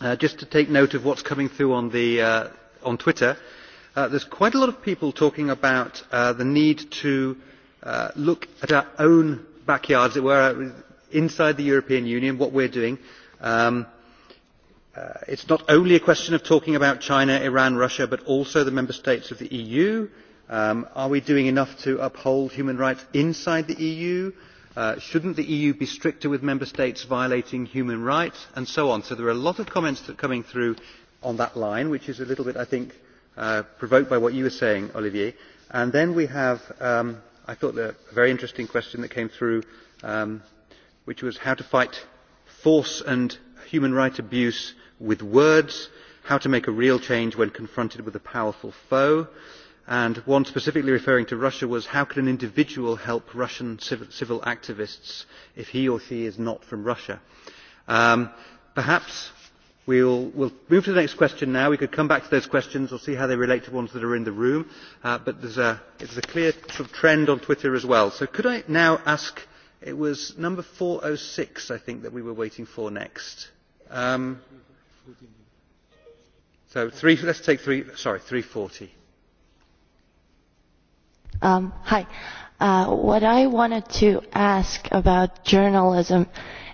[SPEAKER 1] uh, just to take note of what's coming through on the uh, on twitter uh, there's quite a lot of people talking about uh, the need to uh, look at our own backyards it were uh, inside the european union what we're doing um, uh, it's not only a question of talking about China, Iran, Russia, but also the member states of the EU. Um, are we doing enough to uphold human rights inside the EU? Uh, Uh, shouldn't the EU be stricter with member states violating human rights and so on? So there are a lot of comments that are coming through on that line, which is a little bit, I think, uh, provoked by what you were saying, Olivier. And then we have, um, I thought, a very interesting question that came through, um, which was how to fight force and human rights abuse with words, how to make a real change when confronted with a powerful foe. Uh, and one specifically referring to russia was how can an individual help russian civil activists if he or she is not from russia? Um, perhaps we will we'll move to the next question now. we could come back to those questions or see how they relate to ones that are in the room uh, but there's a, there's a clear sort of trend on twitter as well. so could i now ask it was number 406 i think that we were waiting for next. Um, so three, let's take three, sorry, 340.
[SPEAKER 5] Um, hi. Uh, what I wanted to ask about journalism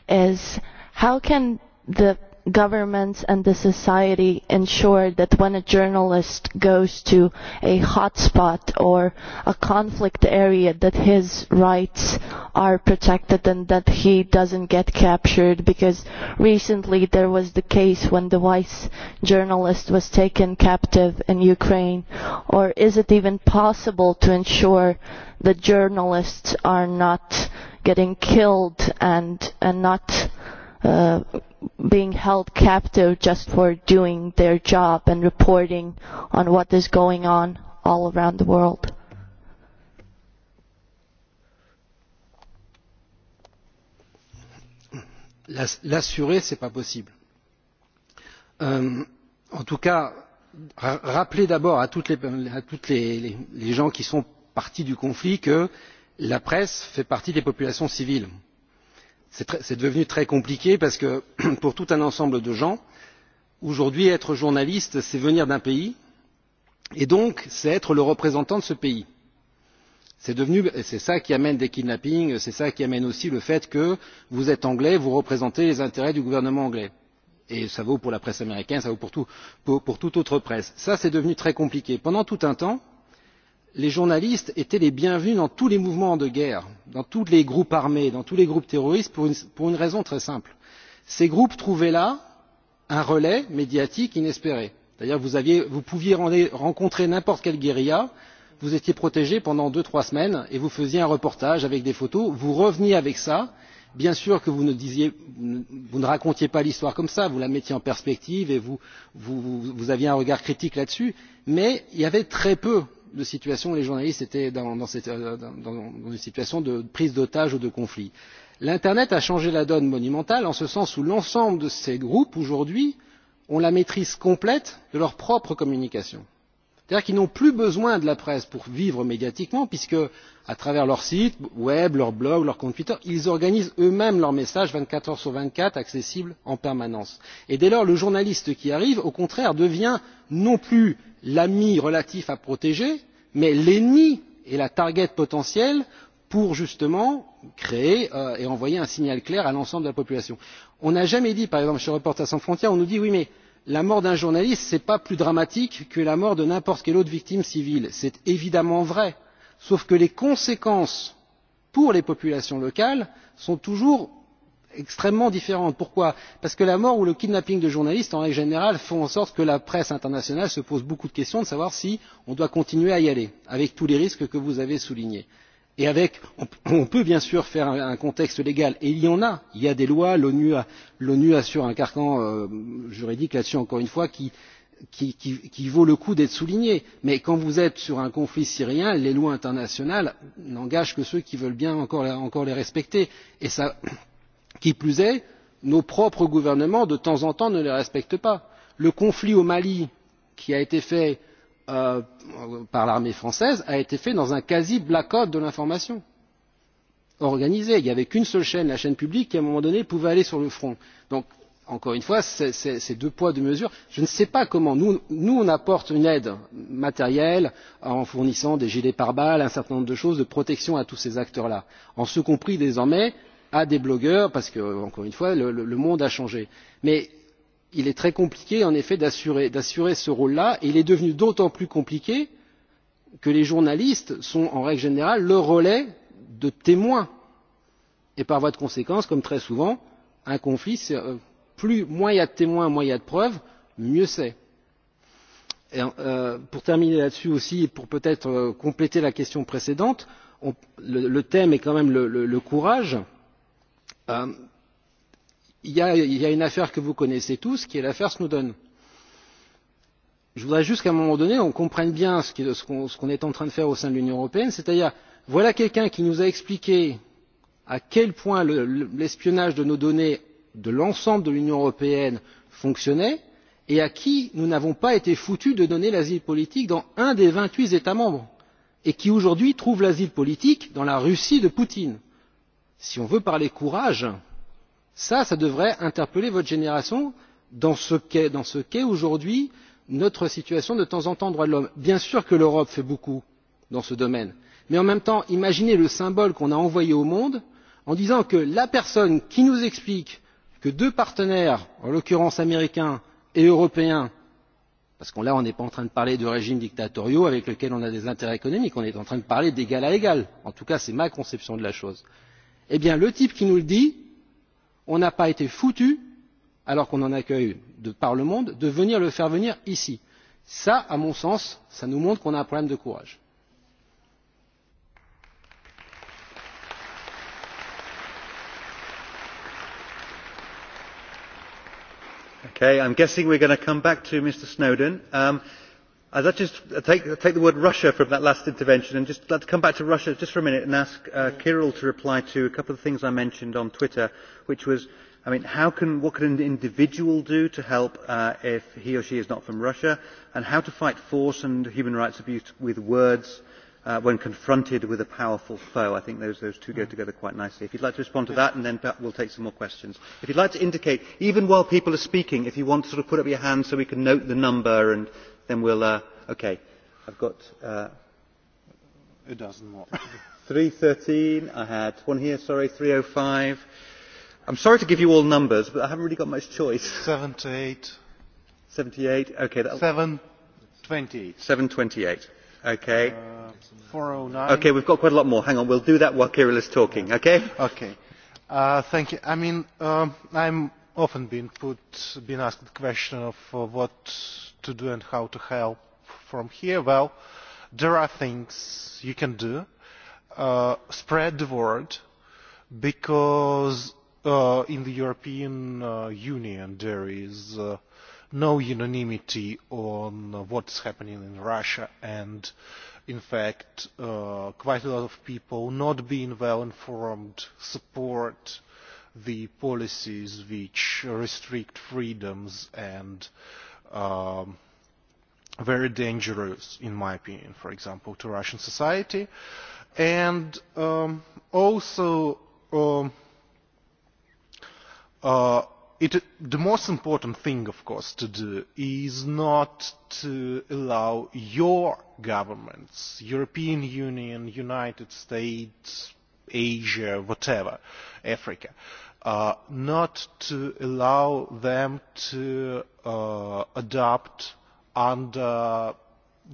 [SPEAKER 5] is how can the governments and the society ensure that when a journalist goes to a hotspot or a conflict area that his rights are protected and that he doesn't get captured because recently there was the case when the vice journalist was taken captive in Ukraine or is it even possible to ensure that journalists are not getting killed and and not uh, being held captive just for doing their job and reporting on what is going on all around the world.
[SPEAKER 2] L'assurer, ce n'est pas possible. Euh, en tout cas, ra rappelez d'abord à toutes, les, à toutes les, les, les gens qui sont partis du conflit que la presse fait partie des populations civiles. Euh, c'est devenu très compliqué parce que pour tout un ensemble de gens aujourd'hui être journaliste c'est venir d'un pays et donc c'est être le représentant de ce pays. c'est cela qui amène des kidnappings c'est cela qui amène aussi le fait que vous êtes anglais vous représentez les intérêts du gouvernement anglais et cela vaut pour la presse américaine cela vaut pour toute autre presse. c'est devenu très compliqué. pendant tout un temps les journalistes étaient les bienvenus dans tous les mouvements de guerre dans tous les groupes armés dans tous les groupes terroristes pour une raison très simple ces groupes trouvaient là un relais médiatique inespéré c'est à dire vous pouviez rencontrer n'importe quelle guérilla vous étiez protégé pendant deux trois semaines et vous faisiez un reportage avec des photos vous reveniez avec ça bien sûr que vous ne racontiez pas l'histoire comme ça vous la mettiez en perspective et vous aviez un regard critique là dessus mais il y avait très peu de situation, les journalistes étaient dans, dans, cette, euh, dans, dans une situation de prise d'otage ou de conflit. L'Internet a changé la donne monumentale en ce sens où l'ensemble de ces groupes aujourd'hui ont la maîtrise complète de leur propre communication c'est à dire qu'ils n'ont plus besoin de la presse pour vivre médiatiquement puisque à travers leur site web leur blog leur compte twitter ils organisent eux mêmes leur message vingt quatre heures sur vingt quatre accessible en permanence. dès lors le journaliste qui arrive au contraire devient non plus l'ami relatif à protéger mais l'ennemi et la cible potentielle pour justement créer euh, et envoyer un signal clair à l'ensemble de la population. on n'a jamais dit par exemple chez reporters sans frontières on nous dit oui la mort d'un journaliste n'est pas plus dramatique que la mort de n'importe quelle autre victime civile c'est évidemment vrai sauf que les conséquences pour les populations locales sont toujours extrêmement différentes. pourquoi? parce que la mort ou le kidnapping de journalistes en règle générale font en sorte que la presse internationale se pose beaucoup de questions à savoir si on doit continuer à y aller avec tous les risques que vous avez soulignés et avec on peut bien sûr faire un contexte légal et il y en a il y a des lois l'onu assure un carcan euh, juridique là dessus encore une fois qui qui vaut le coup d'être souligné mais quand vous êtes sur un conflit syrien les lois internationales n'engagent que ceux qui veulent bien encore les respecter et qui plus est nos propres gouvernements de temps en temps ne les respectent pas. le conflit au mali qui a été fait euh, par l'armée française a été fait dans un quasi blackout de l'information organisé. Il n'y avait qu'une seule chaîne, la chaîne publique, qui à un moment donné pouvait aller sur le front. Donc, encore une fois, c'est deux poids, deux mesures. Je ne sais pas comment. Nous, nous, on apporte une aide matérielle en fournissant des gilets pare-balles, un certain nombre de choses de protection à tous ces acteurs-là, en ce compris désormais à des blogueurs, parce que, encore une fois, le, le, le monde a changé. Mais il est très compliqué en effet d'assurer ce rôle là et il est devenu d'autant plus compliqué que les journalistes sont en règle générale le relais de témoins et par voie de conséquence comme très souvent un conflit euh, moins il y a de témoins moins il y a de preuves mieux c'est. Euh, pour terminer là dessus aussi et pour peut être euh, compléter la question précédente le thème est quand même le courage il y, y a une affaire que vous connaissez tous qui est l'affaire snowden. je voudrais juste qu'à un moment donné on comprenne bien ce qu'on qu qu est en train de faire au sein de l'union européenne c'est à dire voilà quelqu'un qui nous a expliqué à quel point l'espionnage le, de nos données de l'ensemble de l'union européenne fonctionnait et à qui nous n'avons pas été foutus de donner l'asile politique dans un des vingt huit états membres et qui aujourd'hui trouve l'asile politique dans la russie de poutine. si on veut parler courage il ça, ça devrait interpeller votre génération dans ce qu'est qu aujourd'hui notre situation de temps en temps droits de l'homme. bien sûr que l'europe fait beaucoup dans ce domaine mais en même temps imaginez le symbole qu'on a envoyé au monde en disant que la personne qui nous explique que deux partenaires en l'occurrence américains et européens parce que là on n'est pas en train de parler de régimes dictatoriaux avec lesquels on a des intérêts économiques on est en train de parler d'égal à égal en tout cas c'est ma conception de la chose eh bien le type qui nous le dit on n'a pas été foutus alors qu'on en accueille de par le monde de venir le faire venir ici. ça à mon sens ça nous montre qu'on a un problème de courage.
[SPEAKER 1] okay i'm guessing we're going to come back to mr snowden. Um, i would like to take the word russia' from that last intervention and just like to come back to russia just for a minute and ask uh, kirill to reply to a couple of things i mentioned on twitter which was what can an individual do to help uh, if he or she is not from russia and how to fight force and human rights abuse with words uh, when confronted with a powerful foe. i think those two go together quite nicely. if you would like to respond to that and then we will take some more questions. if you would like to indicate even while people are speaking if you want to put up your hand so we can note the number and then we'll. Uh, okay, I've got uh, a dozen more. 313. I had one here. Sorry, 305. I'm sorry to give you all numbers, but I haven't really got much choice. 78. 78. Okay. That'll... 728. 728. Okay. Uh,
[SPEAKER 3] 409. Okay,
[SPEAKER 1] we've got quite a lot more. Hang on, we'll do that while Kirill is talking. Okay. Okay.
[SPEAKER 3] Uh, thank you. I mean, um, I'm often been put, been asked the question of uh, what to do and how to help from here? Well, there are things you can do. Uh, spread the word because uh, in the European uh, Union there is uh, no unanimity on uh, what's happening in Russia and in fact uh, quite a lot of people not being well informed support the policies which restrict freedoms and uh, um, very dangerous, in my opinion, for example, to Russian society. And um, also, um, uh, it, the most important thing, of course, to do is not to allow your governments, European Union, United States, Asia, whatever, Africa, uh, uh, not to allow them to uh, adopt under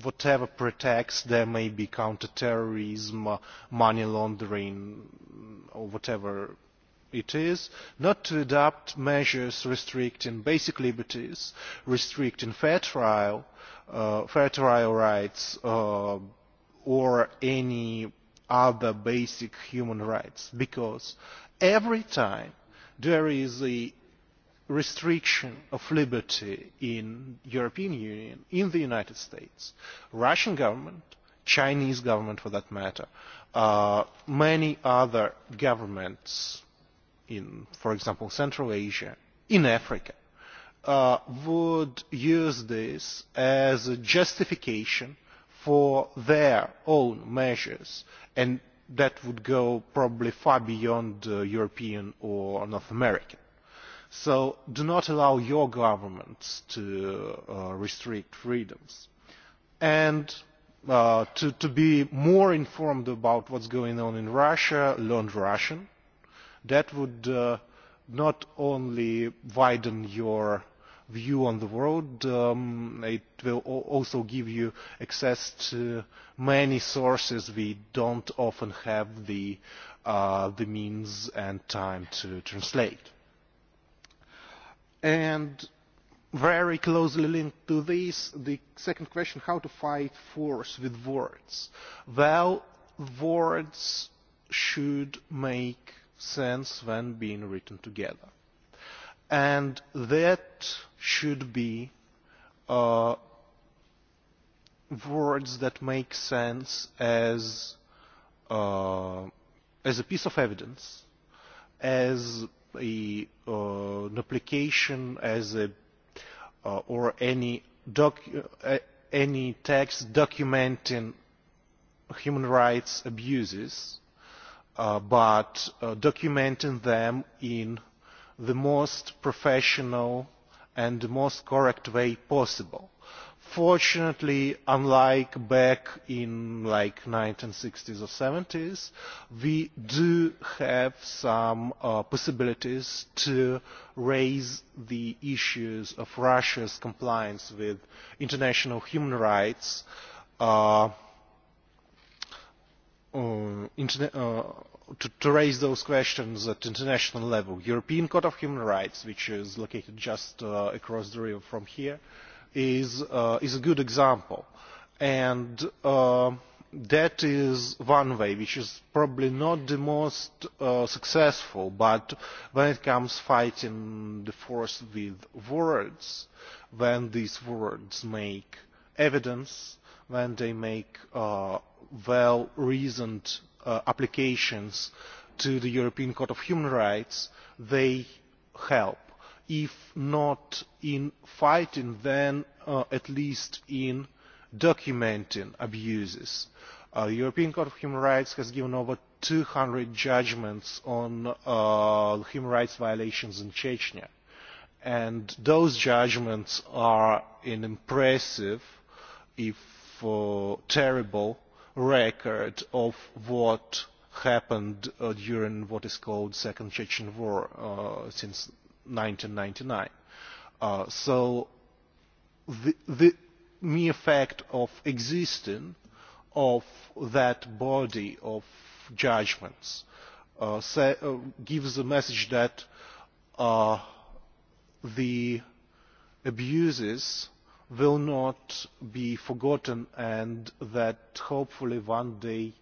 [SPEAKER 3] whatever pretext there may be counterterrorism, uh, money laundering, or whatever it is, not to adopt measures restricting basic liberties, restricting fair trial, uh, fair trial rights, uh, or any other basic human rights, because every time there is a restriction of liberty in the european union in the united states russian government chinese government for that matter uh, many other governments in for example central asia in africa uh, would use this as a justification for their own measures and that would go probably far beyond uh, European or North American. So do not allow your governments to uh, restrict freedoms. And uh, to, to be more informed about what's going on in Russia, learn Russian. That would uh, not only widen your view on the world. Um, it will also give you access to many sources we don't often have the, uh, the means and time to translate. And very closely linked to this, the second question, how to fight force with words. Well, words should make sense when being written together and that should be uh, words that make sense as uh, as a piece of evidence, as a, uh, an application, as a uh, or any doc uh, any text documenting human rights abuses, uh, but uh, documenting them in the most professional and the most correct way possible. Fortunately, unlike back in like 1960s or 70s, we do have some uh, possibilities to raise the issues of Russia's compliance with international human rights uh, um, uh, interna- uh, to, to raise those questions at international level. The European Court of Human Rights, which is located just uh, across the river from here, is, uh, is a good example. And uh, that is one way, which is probably not the most uh, successful, but when it comes fighting the force with words, when these words make evidence, when they make uh, well-reasoned uh, applications to the European Court of Human Rights, they help. If not in fighting, then uh, at least in documenting abuses. Uh, the European Court of Human Rights has given over 200 judgments on uh, human rights violations in Chechnya. And those judgments are an impressive, if uh, terrible, record of what happened uh, during what is called Second Chechen War uh, since 1999. Uh, so the, the mere fact of existing of that body of judgments uh, say, uh, gives a message that uh, the abuses uh, will not be forgotten and that hopefully one day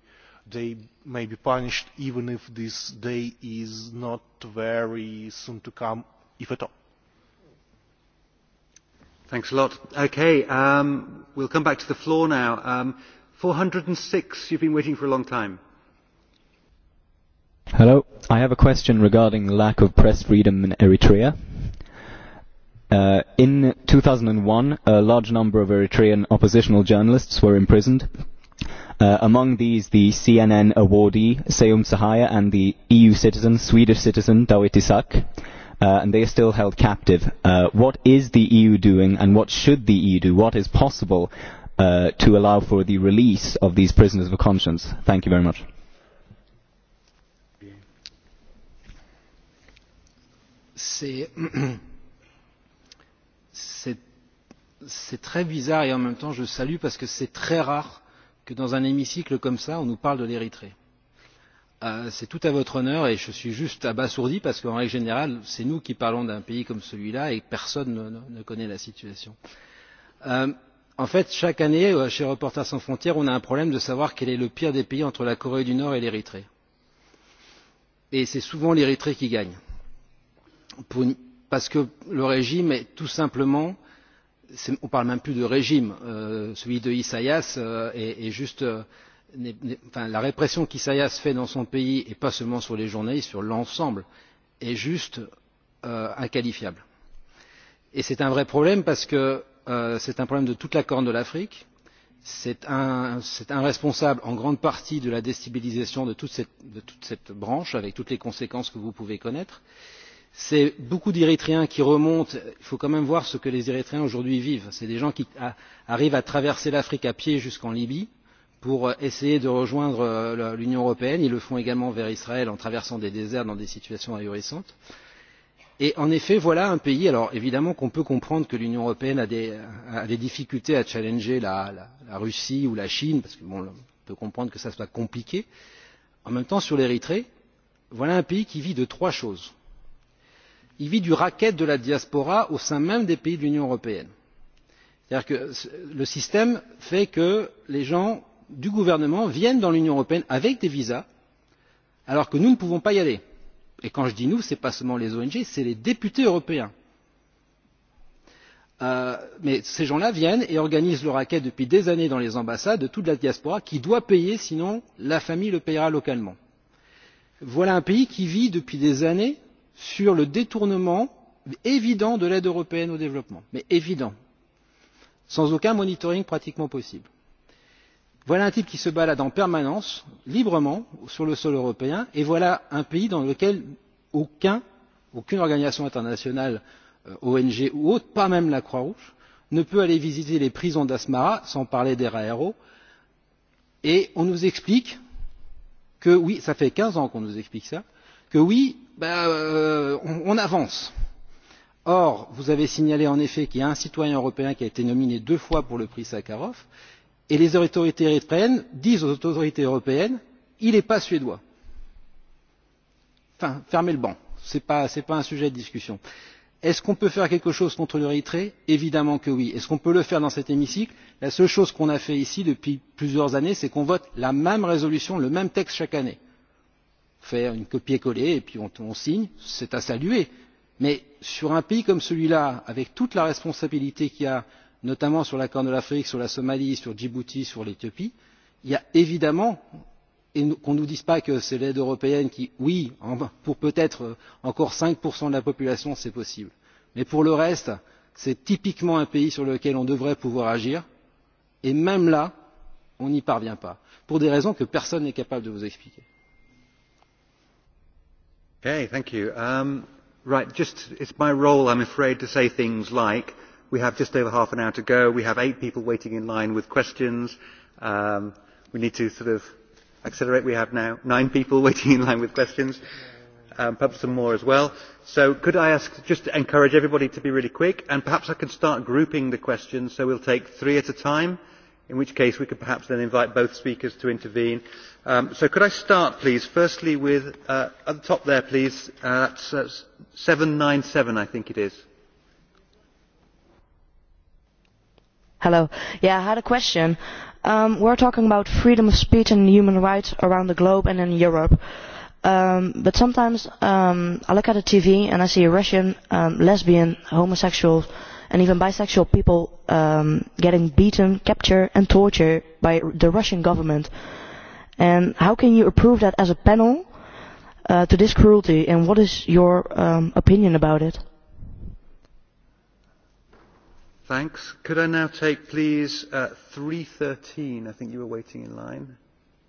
[SPEAKER 3] they may be punished even if this day is not very soon to come, if at all.
[SPEAKER 1] Thanks a lot. Okay, um, we'll come back to the floor now. Um, 406, you've been waiting for a long time.
[SPEAKER 6] Hello, I have a question regarding the lack of press freedom in Eritrea Uh, in 2001, a large number of Eritrean oppositional journalists were imprisoned. Uh, among these, the CNN awardee Seyum Sahaya and the EU citizen, Swedish citizen Dawit Isaak, uh, and they are still held captive. Uh, what is the EU doing, and what should the EU do? What is possible uh, to allow for the release of these prisoners of conscience? Thank you very much.
[SPEAKER 2] C'est c'est très bizarre et en même temps je salue parce que c'est très rare que dans un hémicycle comme ça on nous parle de l'Érythrée. Euh, c'est tout à votre honneur et je suis juste abasourdi parce qu'en règle générale, c'est nous qui parlons d'un pays comme celui-là et personne ne, ne, ne connaît la situation. Euh, en fait, chaque année, euh, chez Reporters sans frontières, on a un problème de savoir quel est le pire des pays entre la Corée du Nord et l'Érythrée. Et c'est souvent l'Érythrée qui gagne. Pour, parce que le régime est tout simplement euh, on ne parle même plus de régime euh, celui de isaias euh, est juste euh, la répression qu'isaias fait dans son pays et pas seulement sur les journalistes sur l'ensemble est juste inqualifiable. et c'est un vrai problème parce que c'est un problème de toute la corne de l'afrique c'est un responsable en grande partie de la déstabilisation de toute cette branche avec toutes les conséquences que vous pouvez connaître et c'est beaucoup d'érythréens qui remontent il faut quand même voir ce que les érythréens aujourd'hui vivent ce sont des gens qui arrivent à traverser l'afrique à pied jusqu'en libye pour euh, essayer de rejoindre euh, l'union européenne ils le font également vers israël en traversant des déserts dans des situations ahurissantes et en effet voilà un pays alors évidemment qu'on peut comprendre que l'union européenne a des, a des difficultés à challenger la, la, la russie ou la chine parce que bon on peut comprendre que ça soit compliqué en même temps sur l'érythrée voilà un pays qui vit de trois choses il vit du racket de la diaspora au sein même des pays de l'union européenne. le système fait que les gens du gouvernement viennent dans l'union européenne avec des visas alors que nous ne pouvons pas y aller. et quand je dis nous ce ne sont pas seulement les ong ce sont les députés européens. Euh, mais ces gens là viennent et organisent le racket depuis des années dans les ambassades de toute la diaspora qui doit payer sinon la famille le paiera localement. voilà un pays qui vit depuis des années sur le détournement évident de l'aide européenne au développement mais évident sans aucun monitoring pratiquement possible. voilà un type qui se balade en permanence librement sur le sol européen et voilà un pays dans lequel aucune organisation internationale euh, ong ou autre pas même la croix rouge ne peut aller visiter les prisons d'asmara sans parler d'eraero et on nous explique que oui cela fait quinze ans qu'on nous explique cela que oui bah, euh, on, on avance. Or, vous avez signalé en effet qu'il y a un citoyen européen qui a été nominé deux fois pour le prix Sakharov, et les autorités érythréennes disent aux autorités européennes il n'est pas suédois. Enfin, fermez le banc, ce n'est pas, pas un sujet de discussion. Est-ce qu'on peut faire quelque chose contre l'Érythrée Évidemment que oui. Est-ce qu'on peut le faire dans cet hémicycle La seule chose qu'on a fait ici depuis plusieurs années, c'est qu'on vote la même résolution, le même texte chaque année fait une copier coller et puis on, on signe c'est à saluer mais sur un pays comme celui là avec toute la responsabilité qu'il a notamment sur la corne de l'afrique sur la somalie sur djibouti sur l'éthiopie il y a évidemment et qu'on ne nous dise pas que c'est l'aide européenne qui oui pour peut être euh, encore cinq de la population c'est possible mais pour le reste c'est typiquement un pays sur lequel on devrait pouvoir agir et même là on n'y parvient pas pour des raisons que personne n'est capable de vous expliquer. Okay, thank you. Um, right, just, it's my role, I'm afraid,
[SPEAKER 1] to say things like, we have just over half an hour to go, we have eight people waiting in line with questions, um, we need to sort of accelerate, we have now nine people waiting in line with questions, um, perhaps some more as well. So could I ask, just to encourage everybody to be really quick, and perhaps I could start grouping the questions, so we'll take three at a time in which case we could perhaps then invite both speakers to intervene. Um, so could I start, please, firstly with, uh, at the top there, please, uh, that's, that's 797, I think it is.
[SPEAKER 5] Hello. Yeah, I had a question. Um, we're talking about freedom of speech and human rights around the globe and in Europe. Um, but sometimes um, I look at the TV and I see Russian um, lesbian homosexuals and even bisexual people um, getting beaten, captured and tortured by the Russian government. And how can you approve that as a panel uh, to this cruelty and what is your um, opinion about it?
[SPEAKER 1] Thanks. Could I now take, please, uh, 313? I think you were waiting in line.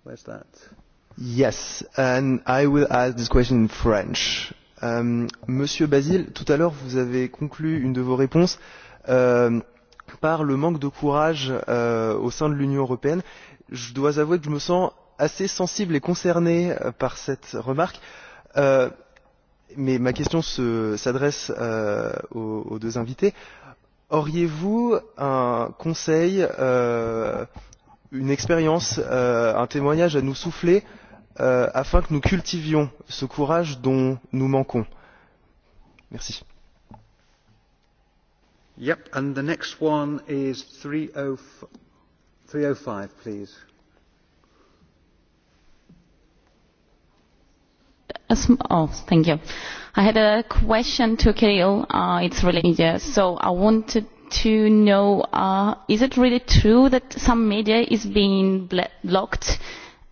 [SPEAKER 1] Where's that?
[SPEAKER 6] Yes, and I will ask this question in French Euh, Monsieur Basile, tout à l'heure, vous avez conclu une de vos réponses euh, par le manque de courage euh, au sein de l'Union européenne. Je dois avouer que je me sens assez sensible et concerné euh, par cette remarque. Euh, mais ma question s'adresse euh, aux, aux deux invités. Auriez-vous un conseil, euh, une expérience, euh, un témoignage à nous souffler euh, Euh, afin que nous cultivions ce courage dont nous manquons. Merci.
[SPEAKER 1] Yep, and the next one is 305, please.
[SPEAKER 5] Oh, thank you. I had a question to Kirill. Uh, it's religious. So I wanted to know, uh, is it really true that some media is being bl blocked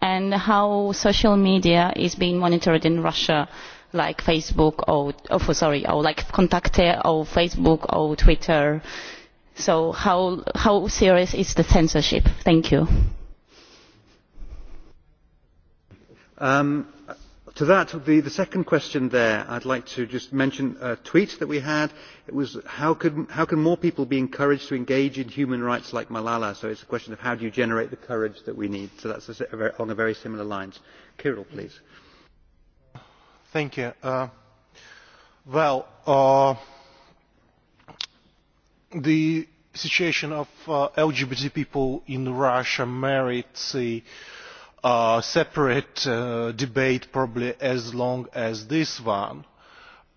[SPEAKER 5] and how social media is being monitored in Russia, like Facebook or, oh, sorry, or like Contacte or Facebook or Twitter. So how, how serious is the censorship? Thank you.
[SPEAKER 1] Um, to that, the, the second question there, I'd like to just mention a tweet that we had. It was, how, could, how can more people be encouraged to engage in human rights like Malala? So it's a question of how do you generate the courage that we need. So that's a, a very, on a very similar lines. Kirill, please.
[SPEAKER 3] Thank you. Uh, well, uh, the situation of uh, LGBT people in Russia married the uh, uh, separate uh, debate probably as long as this one.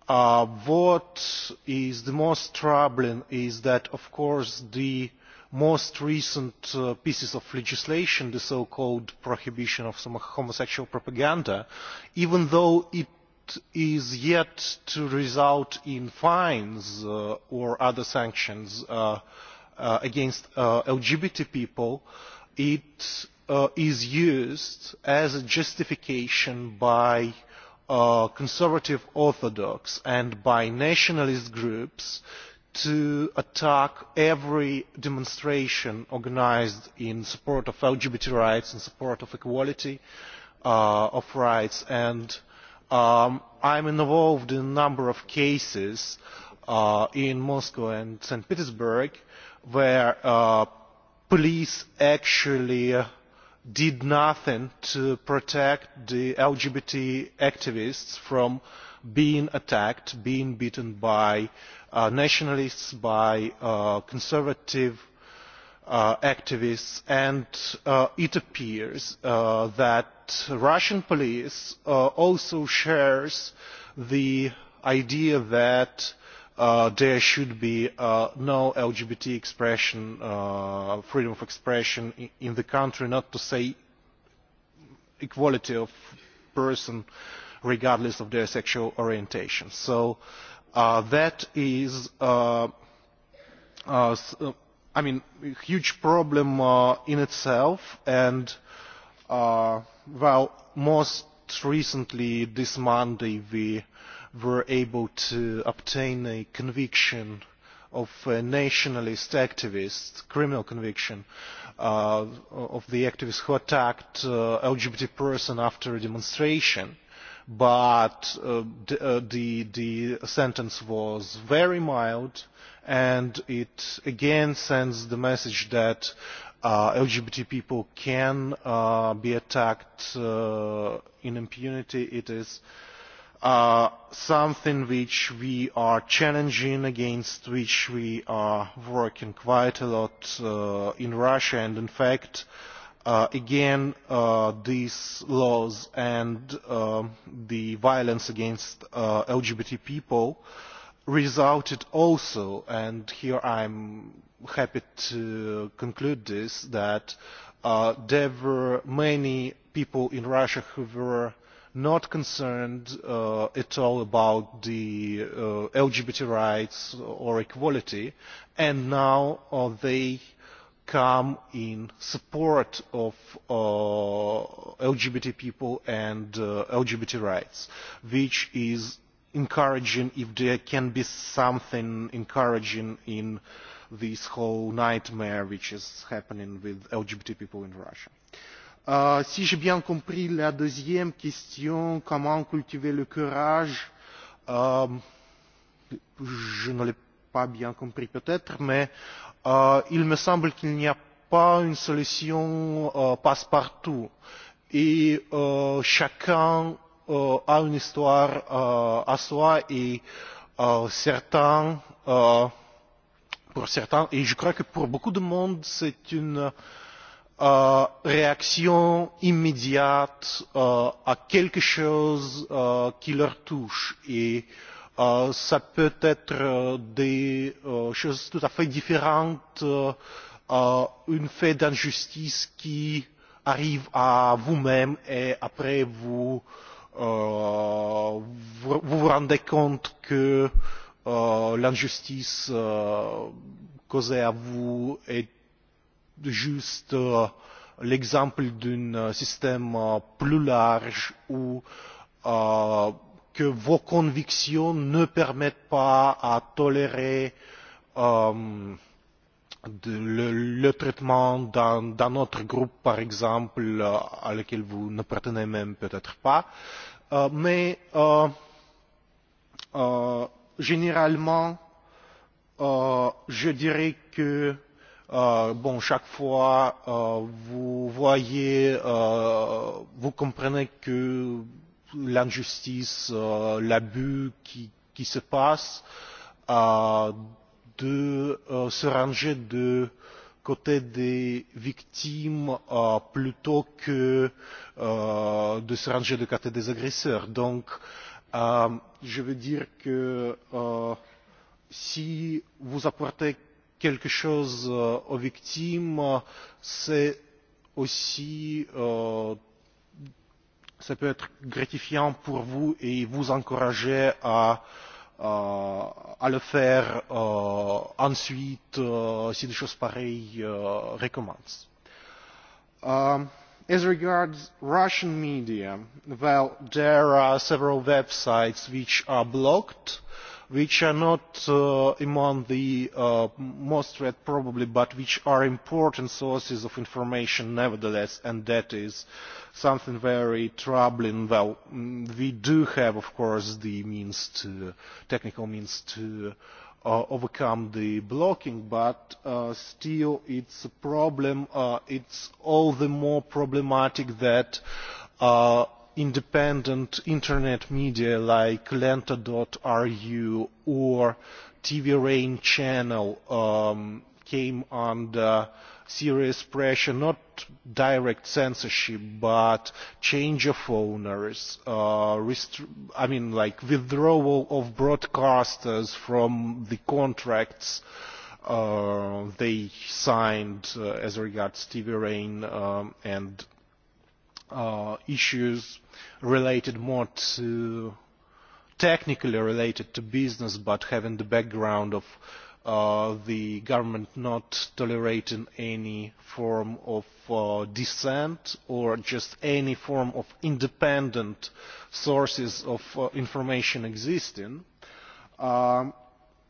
[SPEAKER 3] Uh, what is the most troubling is that of course the most recent uh, pieces of legislation, the so-called prohibition of some homosexual propaganda, even though it is yet to result in fines uh, or other sanctions uh, uh, against uh, LGBT people, it uh, is used as a justification by uh, conservative orthodox and by nationalist groups to attack every demonstration organised in support of LGBT rights, in support of equality uh, of rights. And um, I'm involved in a number of cases uh, in Moscow and St. Petersburg where uh, police actually uh, did nothing to protect the LGBT activists from being attacked, being beaten by uh, nationalists, by uh, conservative uh, activists, and uh, it appears uh, that Russian police uh, also shares the idea that uh, there should be uh, no LGBT expression, uh, freedom of expression in, in the country, not to say equality of person regardless of their sexual orientation. So uh, that is, uh, uh, uh I mean, a huge problem uh, in itself and, uh, well, most recently this Monday we uh, were able to obtain a conviction of a nationalist activist, criminal conviction, uh, of the activist who attacked uh, LGBT person after a demonstration. But uh, d uh, the, the sentence was very mild and it again sends the message that uh, LGBT people can uh, be attacked uh, in impunity. It is uh, uh, something which we are challenging, against which we are working quite a lot uh, in Russia. And in fact, uh, again, uh, these laws and uh, the violence against uh, LGBT people resulted also, and here I'm happy to conclude this, that uh, there were many people in Russia who were not concerned uh, at all about the uh, LGBT rights or equality, and now uh, they come in support of uh, LGBT people and uh, LGBT rights, which is encouraging if there can be something encouraging in this whole nightmare which is happening with LGBT people in Russia. Euh, si j'ai bien compris la deuxième question, comment cultiver le courage, euh, je ne l'ai pas bien compris peut-être, mais euh, il me semble qu'il n'y a pas une solution euh, passe-partout. Et euh, chacun euh, a une histoire euh, à soi et euh, certains, euh, pour certains, et je crois que pour beaucoup de monde, c'est une euh, euh, réaction immédiate euh, à quelque chose euh, qui leur touche et euh, ça peut être euh, des euh, choses tout à fait différentes euh, euh, une fait d'injustice qui arrive à vous-même et après vous, euh, vous vous rendez compte que euh, l'injustice euh, causée à vous est juste uh, l'exemple d'un uh, système uh, plus large où que vos convictions ne permettent pas um, de tolérer le traitement d'un autre groupe par exemple à laquelle vous n'appartenez même peut être pas mais généralement je dirais que Euh, bon, chaque fois, euh, vous voyez, euh, vous comprenez que l'injustice, euh, l'abus qui, qui se passe, euh, de euh, se ranger de côté des victimes euh, plutôt que euh, de se ranger du de côté des agresseurs. Donc, euh, je veux dire que euh, si vous apportez quelque chose euh, aux victimes, c'est aussi euh, ça peut être gratifiant pour vous et vous encourager à, euh, à le faire euh, ensuite euh, si des choses pareilles euh, recommencent. Um, as regards Russian media, well, there are several websites which are blocked. Uh, which are not uh, among the uh, most read probably but which are important sources of information nevertheless and that is something very troubling. well mm, we do have of course the means to technical means to uh, overcome the blocking but uh, still it's a problem uh, it's all the more problematic that uh, independent internet media like lenta.ru or TV Rain channel um, came under serious pressure, not direct censorship, but change of owners, uh, I mean, like withdrawal of broadcasters from the contracts uh, they signed uh, as regards TV Rain um, and uh, issues related more to technically related to business but having the background of uh, the government not tolerating any form of uh, dissent or just any form of independent sources of uh, information existing. Um,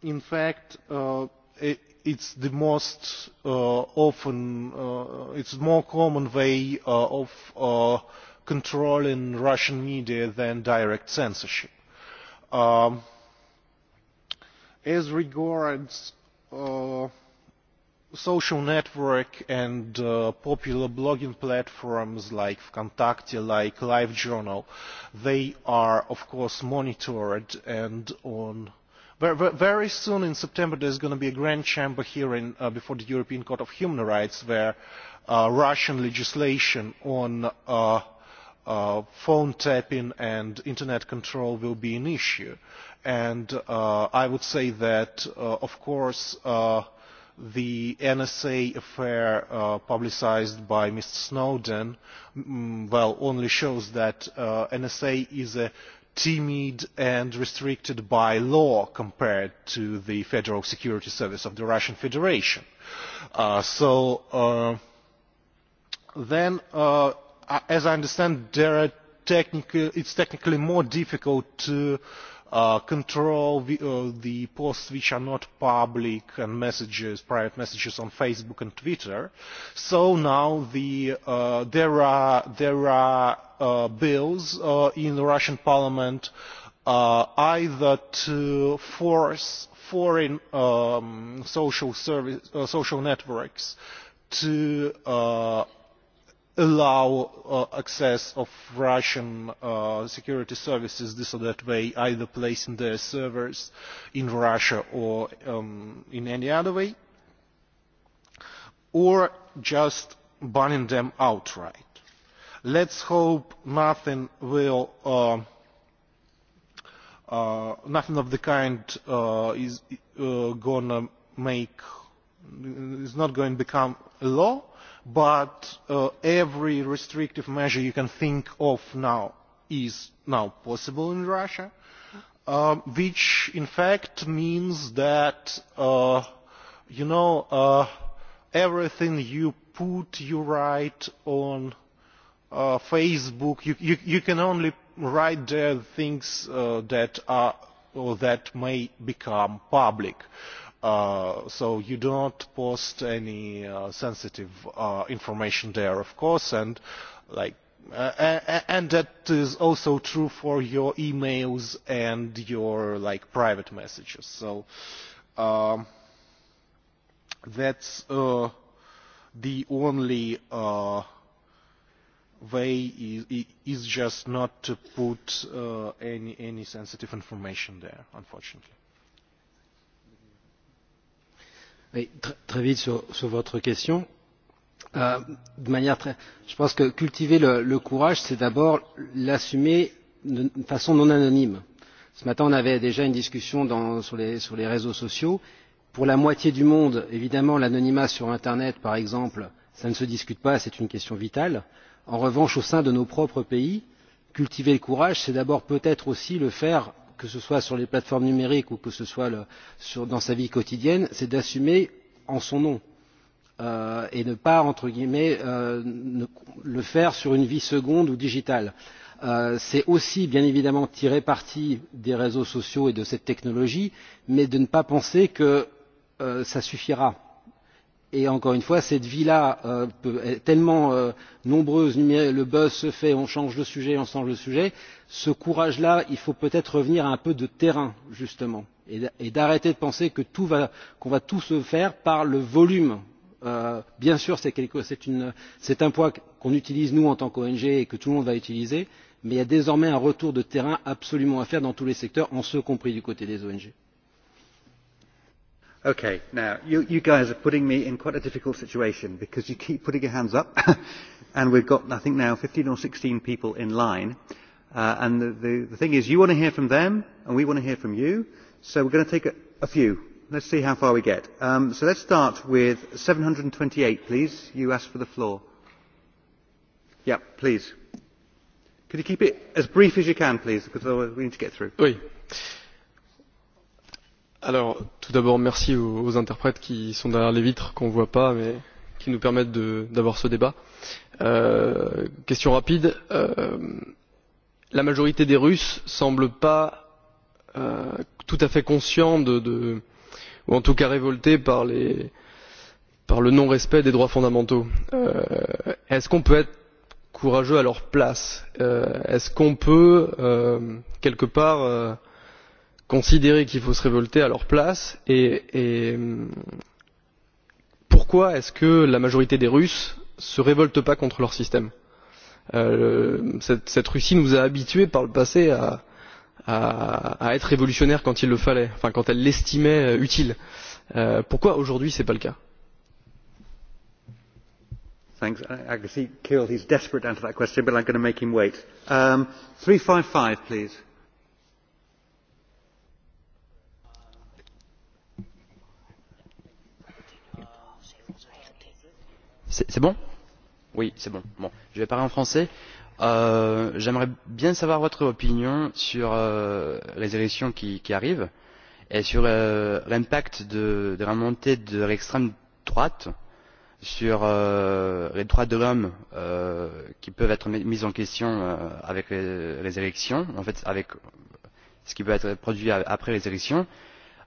[SPEAKER 3] in fact, uh, it, it's the most uh, often, uh, it's more common way uh, of uh, controlling Russian media than direct censorship. Um, as regards uh, social network and uh, popular blogging platforms like VKontakte, like LiveJournal, they are of course monitored and on very soon in september there is going to be a grand chamber hearing uh, before the european court of human rights where uh, russian legislation on uh, uh, phone tapping and internet control will be an issue and uh, i would say that uh, of course uh, the NSA affair uh, publicized by Mr. Snowden, mm, well, only shows that uh, NSA is a timid and restricted by law compared to the Federal Security Service of the Russian Federation. Uh, so uh, then, uh, as I understand, there are technical, it's technically more difficult to uh, uh, control the, uh, the posts which are not public and messages, private messages on Facebook and Twitter. So now the, uh, there are, there are uh, bills uh, in the Russian parliament uh, either to force foreign um, social, service, uh, social networks to uh, allow uh, access of Russian uh, security services this or that way, either placing their servers in Russia or um, in any other way, or just banning them outright. Let's hope nothing will uh, uh, nothing of the kind uh, is uh, gonna make is not going to become a law but uh, every restrictive measure you can think of now is now possible in Russia, uh, which in fact means that, uh, you know, uh, everything you put, you write on uh, Facebook, you, you, you can only write there things uh, that are or that may become public. Uh, Uh, so you do not post any uh, sensitive uh, information there, of course, and like uh, uh, uh, and that is also true for your emails and your like private messages. So um, that's uh, the only uh, way is, is just not to put uh, any any sensitive information there, unfortunately.
[SPEAKER 2] Oui, tr très vite sur, sur votre question. Euh, de manière très, je pense que cultiver le, le courage, c'est d'abord l'assumer de, de façon non anonyme. Ce matin, on avait déjà une discussion dans, sur, les, sur les réseaux sociaux. Pour la moitié du monde, évidemment, l'anonymat sur Internet, par exemple, ça ne se discute pas, c'est une question vitale. En revanche, au sein de nos propres pays, cultiver le courage, c'est d'abord peut-être aussi le faire que ce soit sur les plateformes numériques ou que ce soit le, sur, dans sa vie quotidienne, c'est d'assumer en son nom euh, et ne pas, entre guillemets, euh, ne, le faire sur une vie seconde ou digitale. Euh, c'est aussi, bien évidemment, tirer parti des réseaux sociaux et de cette technologie, mais de ne pas penser que euh, ça suffira et encore une fois cette vie là euh, est tellement euh, nombreuse le buzz se fait on change de sujet on change de sujet ce courage là il faut peut être revenir à un peu de terrain justement et arrêter de penser qu'on va, qu va tout se faire par le volume. Euh, bien sûr c'est un poids qu'on utilise nous en tant qu'ong et que tout le monde va utiliser mais il y a désormais un retour de terrain absolument à faire dans tous les secteurs y compris du côté des ong.
[SPEAKER 1] Okay, now, you, you guys are putting me in quite a difficult situation because you keep putting your hands up and we've got, I think now, 15 or 16 people in line. Uh, and the, the, the thing is, you want to hear from them and we want to hear from you. So we're going to take a, a few. Let's see how far we get. Um, so let's start with 728, please. You asked for the floor. Yeah, please. Could you keep it as brief as you can, please, because we need to get through. Oui Alors,
[SPEAKER 6] tout d'abord, merci aux, aux interprètes qui sont derrière les vitres, qu'on ne voit pas, mais qui nous permettent d'avoir ce débat. Euh, question rapide. Euh, la majorité des Russes semble pas euh, tout à fait conscient de, de, ou en tout cas révolté par, les, par le non respect des droits fondamentaux. Euh, est ce qu'on peut être courageux à leur place? Euh, est ce qu'on peut euh, quelque part euh, considérer qu'il faut se révolter à leur place et, et pourquoi est-ce que la majorité des Russes se révolte pas contre leur système euh, cette, cette Russie nous a habitués par le passé à, à, à être révolutionnaire quand il le fallait, enfin quand elle l'estimait euh, utile. Euh, pourquoi aujourd'hui c'est pas le cas
[SPEAKER 1] Thanks. I, I can see Kirill, he's desperate to answer that question, but I'm going to make him wait. Um, 355, please.
[SPEAKER 5] C'est bon
[SPEAKER 2] Oui, c'est bon. bon. Je vais parler en français. Euh, J'aimerais bien savoir votre opinion sur euh, les élections qui, qui arrivent et sur euh, l'impact de,
[SPEAKER 1] de la montée de l'extrême droite sur euh, les droits de l'homme euh, qui peuvent être mis en question euh, avec les, les élections, en fait avec ce qui peut être produit après les élections. Euh,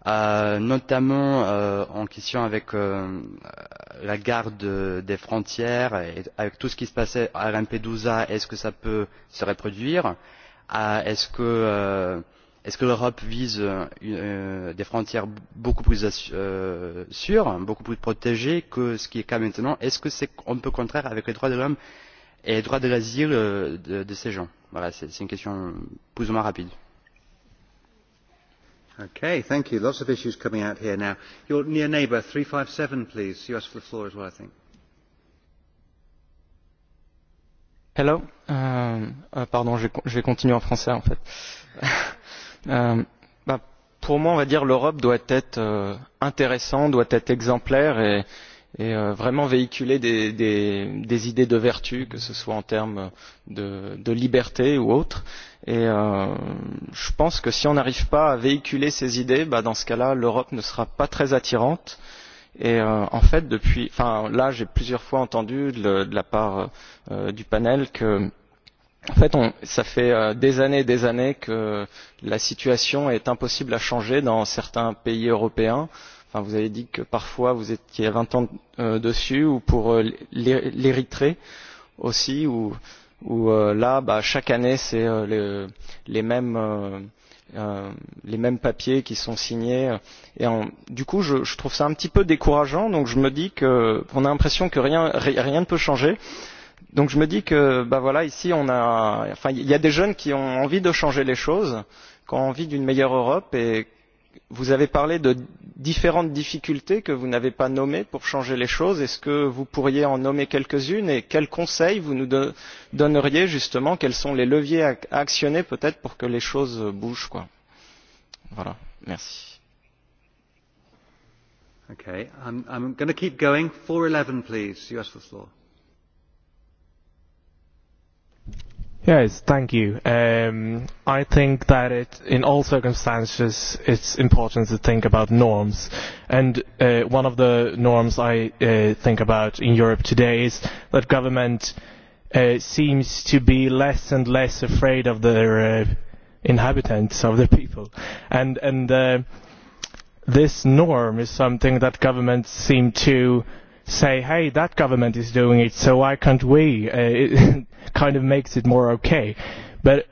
[SPEAKER 1] euh, notamment euh, en question avec euh, la garde des frontières et avec tout ce qui se passait à Lampedusa, est-ce que ça peut se reproduire euh, Est-ce que, euh, est que l'Europe vise euh, euh, des frontières beaucoup plus euh, sûres, beaucoup plus protégées que ce qui est le cas maintenant Est-ce que c'est un peu contraire avec les droits de l'homme et les droits de l'asile euh, de, de ces gens Voilà, c'est une question plus ou moins rapide. Okay, thank you. Lots of issues coming out here now. Your near neighbour, 357, please. You asked for the floor as well, I think.
[SPEAKER 6] Hello. Euh, euh, pardon, je vais, je vais continuer en français en fait. euh, bah, pour moi, on va dire l'Europe doit être euh, intéressante, doit être exemplaire et et euh, vraiment véhiculer des, des, des idées de vertu, que ce soit en termes de, de liberté ou autre. Et euh, je pense que si on n'arrive pas à véhiculer ces idées, bah, dans ce cas-là, l'Europe ne sera pas très attirante. Et euh, en fait, depuis, enfin là, j'ai plusieurs fois entendu de, le, de la part euh, du panel que euh, En fait, on, ça fait euh, des années et des années que la situation est impossible à changer dans certains pays européens. Euh, Enfin, vous avez dit que parfois vous étiez 20 ans euh, dessus, ou pour euh, l'Érythrée aussi, où, où euh, là, bah, chaque année, c'est euh, les, les mêmes. Euh, euh, les mêmes papiers qui sont signés euh, et en, du coup je, je trouve ça un petit peu décourageant donc je me dis que on a l'impression que rien rien ne peut changer donc je me dis que bah voilà ici on a enfin il y a des jeunes qui ont envie de changer les choses qui ont envie d'une meilleure Europe et vous avez parlé de différentes difficultés que vous n'avez pas nommées pour changer les choses. est ce que vous pourriez en nommer quelques unes et quels conseils vous nous donneriez justement quels sont les leviers à actionner peut être pour que les choses bougent quoi? voilà merci.
[SPEAKER 1] Okay, I'm, I'm going to keep going. 411, please. You asked for the floor.
[SPEAKER 4] Yes, thank you. Um, I think that it, in all circumstances it's important to think about norms. And uh, one of the norms I uh, think about in Europe today is that government uh, seems to be less and less afraid of their uh, inhabitants, of their people. And, and uh, this norm is something that governments seem to uh, say, hey, that government is doing it, so why can't we? Uh, it kind of makes it more okay. But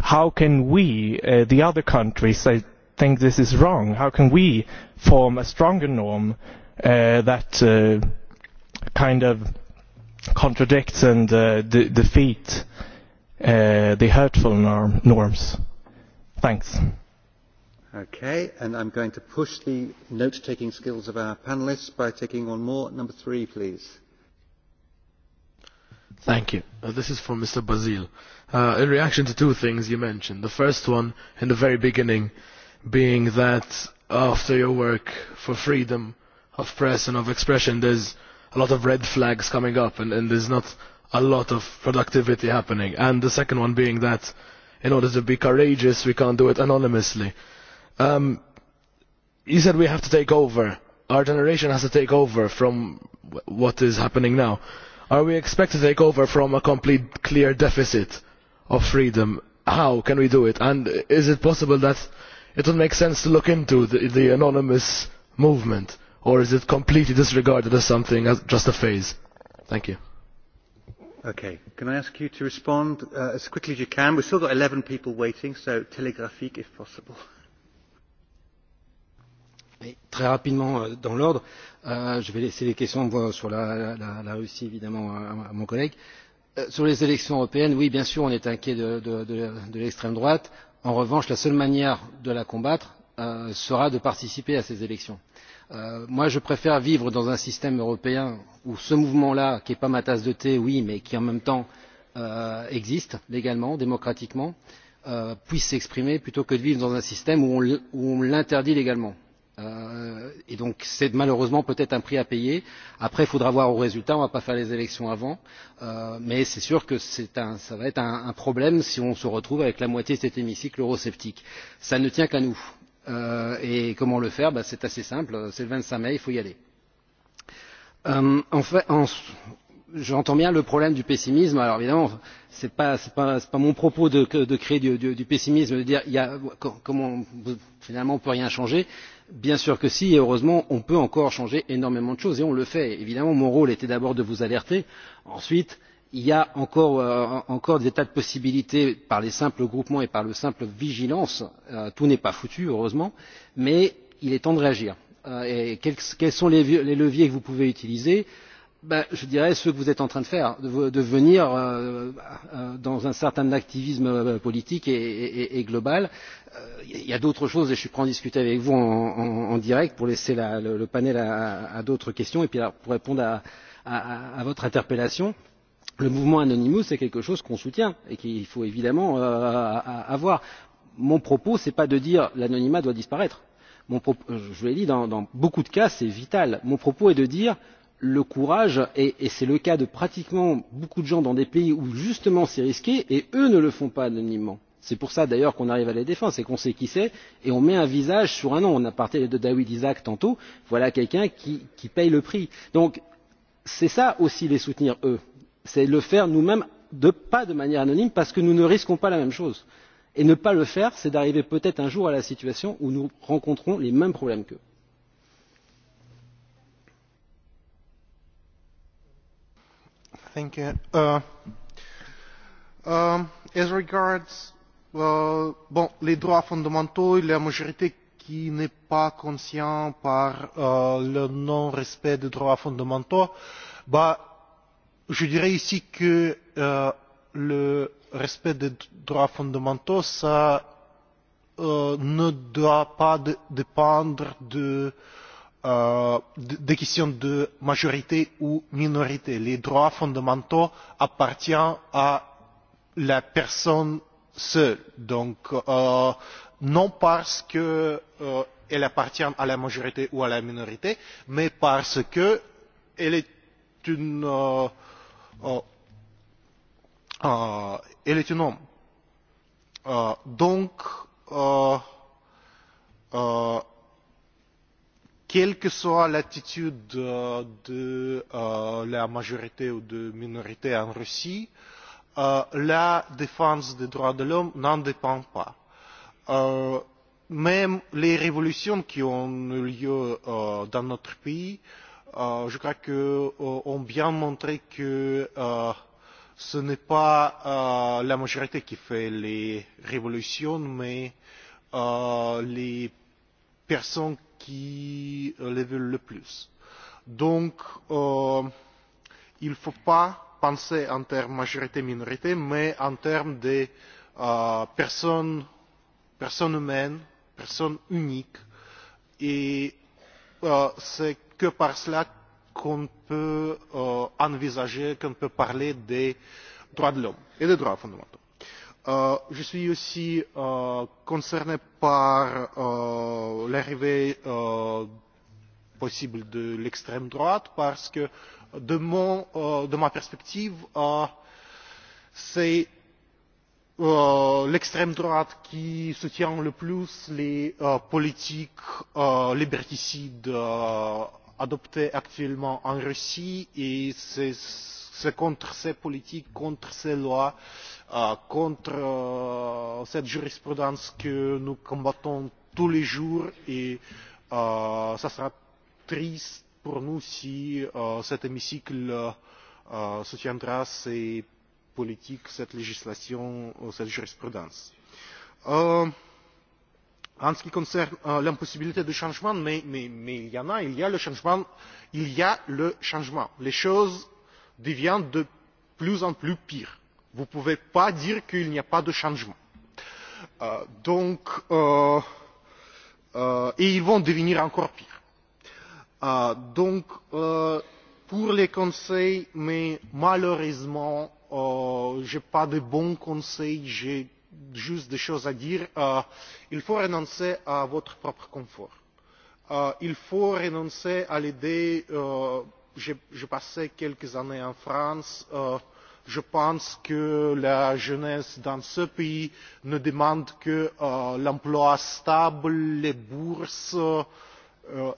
[SPEAKER 4] how can we, uh, the other countries, I think this is wrong, how can we form a stronger
[SPEAKER 3] norm uh, that uh, kind of contradicts
[SPEAKER 6] and uh, de defeat uh, the hurtful norm norms? Thanks.
[SPEAKER 1] Okay, and I'm going to push the note-taking skills of our panelists by taking one more. Number three, please.
[SPEAKER 4] Thank you. Uh, this is from Mr. Bazil. Uh, in reaction to two things you mentioned, the first one in the very beginning being that after your work for freedom of press and of expression, there's a lot of red flags coming up and, and there's not a lot of productivity happening. And the second one being that in order to be courageous, we can't do it anonymously Um, you said we have to take over. Our generation has to take over from what is happening now. Are we expected to take over from a complete clear deficit of freedom? How can we do it? And is it possible that it would make sense to look into the, the anonymous movement? Or is it completely disregarded as something, as just a phase? Thank you.
[SPEAKER 2] Okay.
[SPEAKER 1] Can I ask you to respond uh, as quickly as you can? We've still got 11 people waiting, so telegraphique if possible. Et
[SPEAKER 2] très rapidement, euh, dans l'ordre, euh, je vais laisser les questions sur la, la, la Russie, évidemment, à, à mon collègue. Euh, sur les élections européennes, oui, bien sûr, on est inquiet de, de, de, de l'extrême droite. En revanche, la seule manière de la combattre euh, sera de participer à ces élections. Euh, moi, je préfère vivre dans un système européen où ce mouvement-là, qui n'est pas ma tasse de thé, oui, mais qui en même temps euh, existe légalement, démocratiquement, euh, puisse s'exprimer plutôt que de vivre dans un système où on, où on l'interdit légalement Euh, et donc c'est malheureusement peut être un prix à payer. après il faudra voir aux résultats on ne va pas faire les élections avant euh, mais c'est sûr que ça va être un problème si on se retrouve avec la moitié de cet hémicycle eurosceptique. ça ne tient qu'à nous. Euh, et comment le faire? c'est assez simple c'est le vingt cinq mai il faut y aller. j'entends bien le problème du pessimisme. alors évidemment ce n'est pas mon propos de créer du pessimisme de dire finalement on ne peut rien changer bien sûr que si et heureusement on peut encore changer énormément de choses et on le fait. évidemment mon rôle était d'abord de vous alerter ensuite il y a encore euh, des tas de possibilités par les simples groupements et par la simple vigilance euh, tout n'est pas foutu heureusement mais il est temps de réagir. Euh, quels sont les leviers que vous pouvez utiliser? ben, je dirais ce que vous êtes en train de faire, de, de venir euh, euh, dans un certain activisme euh, politique et, et, et global. Il euh, y a d'autres choses et je suis prêt à en discuter avec vous en, en, en direct pour laisser la, le, le panel à, à d'autres questions et puis là, pour répondre à, à, à votre interpellation. Le mouvement Anonymous, c'est quelque chose qu'on soutient et qu'il faut évidemment euh, avoir. Mon propos, ce n'est pas de dire l'anonymat doit disparaître. Mon propos, je l'ai dit, dans, dans beaucoup de cas, c'est vital. Mon propos est de dire le courage et, et c'est le cas de pratiquement beaucoup de gens dans des pays où justement c'est risqué et eux ne le font pas anonymement. C'est pour ça d'ailleurs qu'on arrive à les défendre, c'est qu'on sait qui c'est et on met un visage sur un nom. On a parlé de David Isaac tantôt, voilà quelqu'un qui, qui paye le prix. Donc c'est ça aussi les soutenir eux, c'est le faire nous-mêmes, de, pas de manière anonyme parce que nous ne risquons pas la même chose. Et ne pas le faire, c'est d'arriver peut-être un jour à la situation où nous rencontrons les mêmes problèmes qu'eux.
[SPEAKER 3] Thank you. Euh, euh, as regards euh, bon, les droits fondamentaux, la majorité qui n'est pas consciente par euh, le non-respect des droits fondamentaux, bah, je dirais ici que euh, le respect des droits fondamentaux, ça euh, ne doit pas de dépendre de euh, euh, des questions de majorité ou minorité. Les droits fondamentaux appartiennent à la personne seule. Donc, euh, non parce qu'elle euh, appartient à la majorité ou à la minorité, mais parce qu'elle est une. Euh, euh, euh, elle est un homme. Euh, donc, euh, euh, quelle que soit l'attitude euh, de euh, la majorité ou de la minorité en Russie, euh, la défense des droits de l'homme n'en dépend pas. Euh, même les révolutions qui ont eu lieu euh, dans notre pays, euh, je crois que euh, ont bien montré que euh, ce n'est pas euh, la majorité qui fait les révolutions, mais euh, les personnes qui euh, les veulent le plus. donc euh, il ne faut pas penser en termes de majorité minorité mais en termes de euh, personnes humaines personnes uniques et c'est que par cela qu'on peut envisager qu'on peut parler des droits de l'homme et des droits fondamentaux. Euh, je suis aussi euh, concerné par euh, l'arrivée possible de l'extrême droite parce que de, mon, de ma perspective c'est l'extrême droite qui soutient le plus les politiques liberticides adoptées actuellement en russie et c'est contre ces politiques contre ces lois Euh, contre euh, cette jurisprudence que nous combattons tous les jours et ce euh, sera triste pour nous si cet hémicycle soutiendra ces politiques cette législation ou cette jurisprudence. en ce qui concerne l'impossibilité de changement mais il y en a il y a le changement il y a le changement. les choses deviennent de plus en plus pires vous ne pouvez pas dire qu'il n'y a pas de changement. Euh, donc euh, euh, et ils vont devenir encore pires. donc pour les conseils mais malheureusement je n'ai pas de bons conseils j'ai juste des choses à dire. il faut renoncer à votre propre confort. il faut renoncer à l'idée j'ai passé quelques années en france je pense que la jeunesse dans ce pays ne demande que euh, l'emploi stable les bourses euh,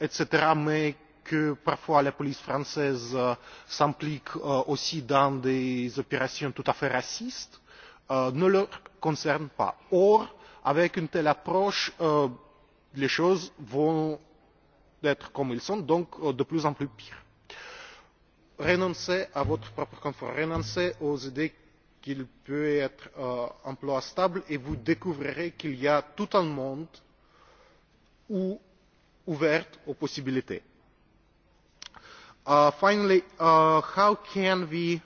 [SPEAKER 3] etc. mais que parfois la police française euh, s'implique aussi dans des opérations tout à fait racistes ne les concerne pas. or avec une telle approche les choses vont être comme elles sont donc de plus en plus pires renoncer à votre propre confort renoncer aux idées qu'il peut y avoir un euh, emploi stable et vous découvrirez qu'il y a tout un monde ouvert aux possibilités. Uh, finally uh, how can we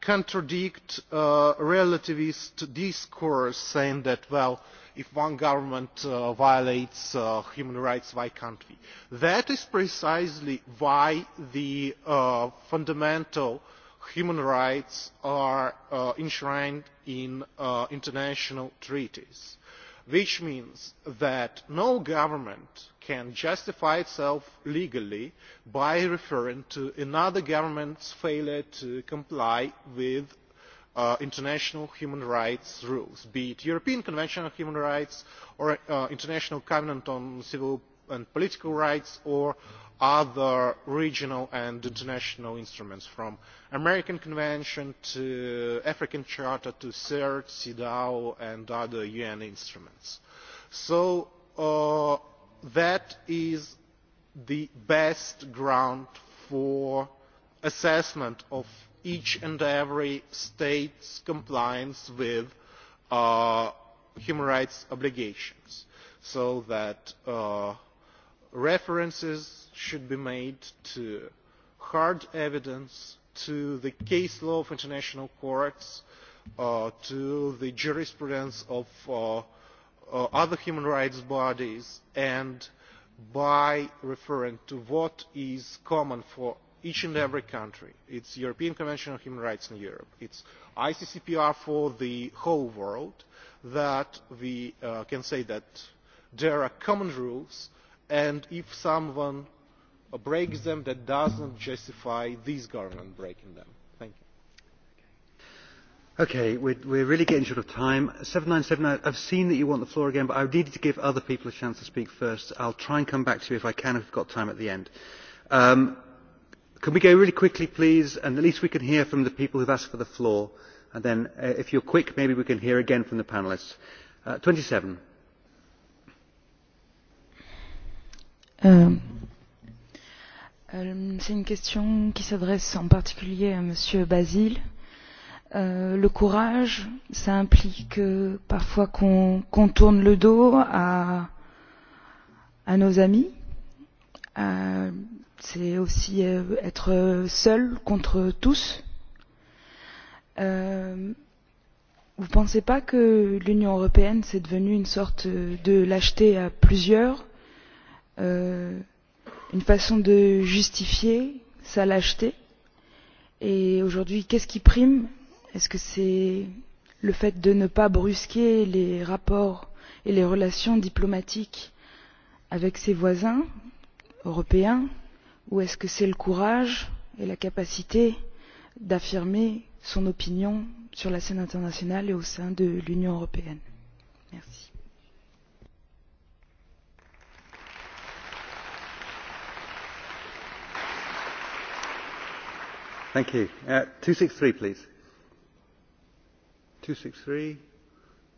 [SPEAKER 3] contradict uh, relativist discourse saying that well if one government uh, violates uh, human rights by country. That is precisely why the uh, fundamental human rights are uh, enshrined in uh, international treaties, which means that no government can justify itself legally by referring to another government's failure to comply with uh, international human rights rules, be it European Convention on Human Rights or uh, International Covenant on Civil and Political Rights or other regional and international instruments from American Convention to African Charter to CERT, CEDAW and other UN instruments. So uh, that is the best ground for assessment of each and every state's compliance with uh, human rights obligations so that uh, references should be made to hard evidence to the case law of international courts uh, to the jurisprudence of uh, uh, other human rights bodies and by referring to what is common for each and every country. It's European Convention on Human Rights in Europe. It's ICCPR for the whole world that we uh, can say that there are common rules and if someone breaks them, that doesn't justify this government breaking them. Thank
[SPEAKER 1] you. Okay, we're, we're really getting short of time. 797, I've seen that you want the floor again, but I needed to give other people a chance to speak first. I'll try and come back to you if I can, if we've got time at the end. Um, can we go really quickly please and at least we can hear from the people who have asked for the floor and then uh, if you're quick maybe we can hear again from the panelists. Uh, 27.
[SPEAKER 5] Euh, euh, C'est une question qui s'adresse en particulier à Monsieur Basile. Euh, le courage, ça implique euh, parfois qu'on qu tourne le dos à, à nos amis, à c'est aussi euh, être euh, seul contre tous. Euh, vous ne pensez pas que l'Union européenne, c'est devenu une sorte de lâcheté à plusieurs, euh, une façon de justifier sa lâcheté Et aujourd'hui, qu'est-ce qui prime Est-ce que c'est le fait de ne pas brusquer les rapports et les relations diplomatiques avec ses voisins européens ou est ce que c'est le courage et la capacité d'affirmer son opinion sur la scène internationale et au sein de l'Union européenne Merci.
[SPEAKER 1] Thank you. Uh, 263, please. 263,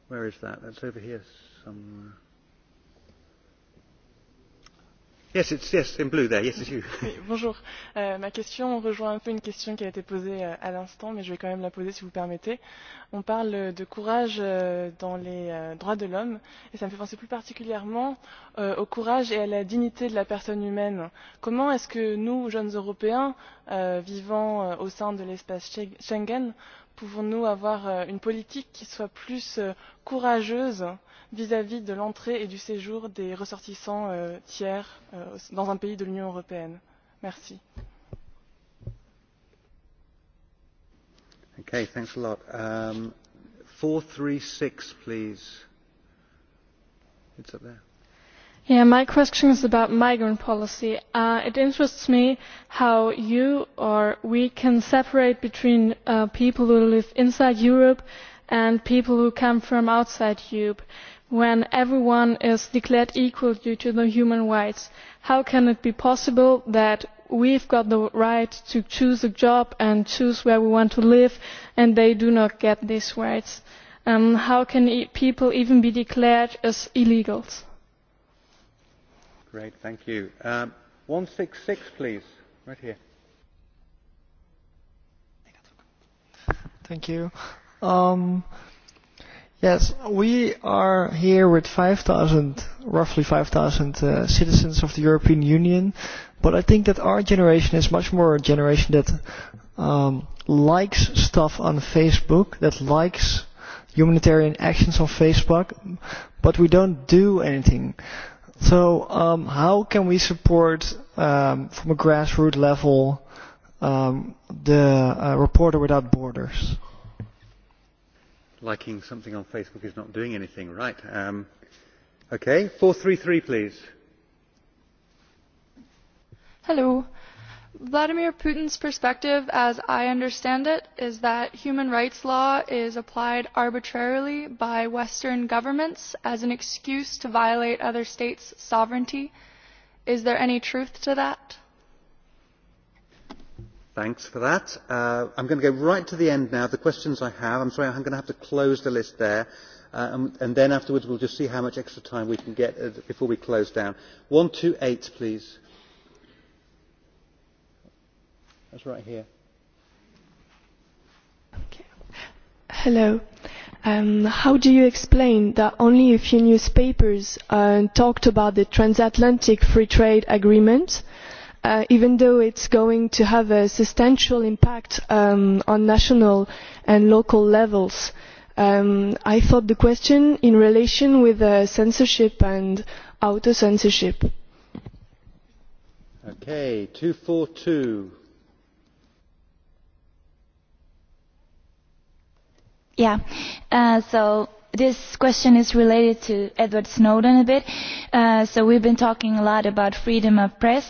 [SPEAKER 1] where is that? That's over here somewhere. Yes, it's, yes, in blue there. Yes, it's
[SPEAKER 5] you. Oui,
[SPEAKER 6] bonjour. Euh, ma question rejoint un peu une question qui a été posée euh, à l'instant, mais je vais quand même la poser si vous permettez. On parle de courage euh, dans les euh, droits de l'homme, et ça me fait penser plus particulièrement euh, au courage et à la dignité de la personne humaine. Comment est-ce que nous, jeunes Européens, euh, vivant euh, au sein de l'espace Schengen, pouvons-nous avoir euh, une politique qui soit plus euh, courageuse euh, vis à vis de l'entrée et du séjour des ressortissants euh, tiers euh, dans un pays de l'union européenne. merci.
[SPEAKER 1] Okay, thanks a lot. Um, 436, please. It's up there.
[SPEAKER 6] Yeah, my question is about migrant policy. Uh, it interests me how you or we can separate between uh, people who live inside Europe and people who come from outside Europe. Uh, when everyone is declared equal due to human rights how can it be possible that we have the right to choose a job and choose where we want to live and they do not get these rights? Um, how can e-, people even be declared as
[SPEAKER 5] illegals?
[SPEAKER 1] Great, thank you. Um, 166, please, right here.
[SPEAKER 6] Thank you. Um, Yes, we are here with 5,000, roughly 5,000 uh, citizens of the European Union, but I think that our generation is much more a generation that um, likes stuff on Facebook, that likes humanitarian actions on Facebook, but we don't do anything. So um, how can we support um, from a grassroots level um, the uh, Reporter Without Borders?
[SPEAKER 1] liking something on Facebook is not doing anything. Right. Um, okay. 433, please.
[SPEAKER 5] Hello. Vladimir Putin's perspective, as I understand it, is that human rights law is applied arbitrarily by Western governments as an excuse to violate other states' sovereignty. Is there any truth to that?
[SPEAKER 1] Thanks for that. Uh, I'm going to go right to the end now. The questions I have, I'm sorry, I'm going to have to close the list there. Uh, and, and then afterwards we'll just see how much extra time we can get uh, before we close down. 128, please. That's right here.
[SPEAKER 5] Okay. Hello. Um, how do you explain that only a few newspapers uh, talked about the transatlantic free trade agreement? Uh, uh, even though it's going to have a substantial impact um, on national and local levels. Um, I thought the question in relation with uh, censorship and auto-censorship.
[SPEAKER 1] Okay, 242.
[SPEAKER 5] Yeah, uh, so this question is related to Edward Snowden a bit. Uh, so we've been talking a lot about freedom of press,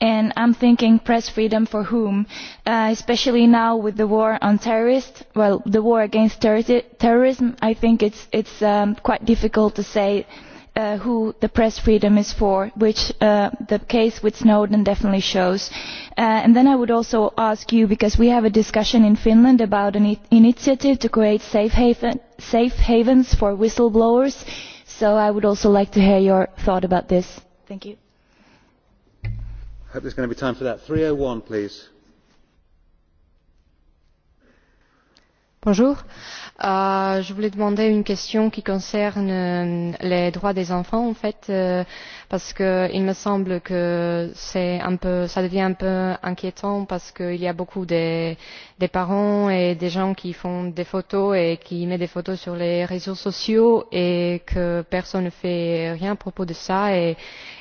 [SPEAKER 5] and I'm thinking press freedom for whom, uh, especially now with the war on terrorists. Well, the war against ter- terrorism. I think it's it's um, quite difficult to say uh, who the press freedom is for which uh, the case with snowden definitely shows. Uh, and then i would also ask you because we have a discussion in finland about an initiative to create safe, haven, safe havens for whistle blowers so i would also like to hear your thought about this. thank you.
[SPEAKER 1] i hope there is going to be time for that. three hundred oh and one please.
[SPEAKER 6] Bonjour. Euh, je voulais demander une question qui concerne euh, les droits des enfants. En fait, euh, parce qu'il me semble que peu, ça devient un peu inquiétant parce qu'il y a beaucoup de, de parents et de gens qui font des photos et qui mettent des photos sur les réseaux sociaux et que personne ne fait rien à propos de ça.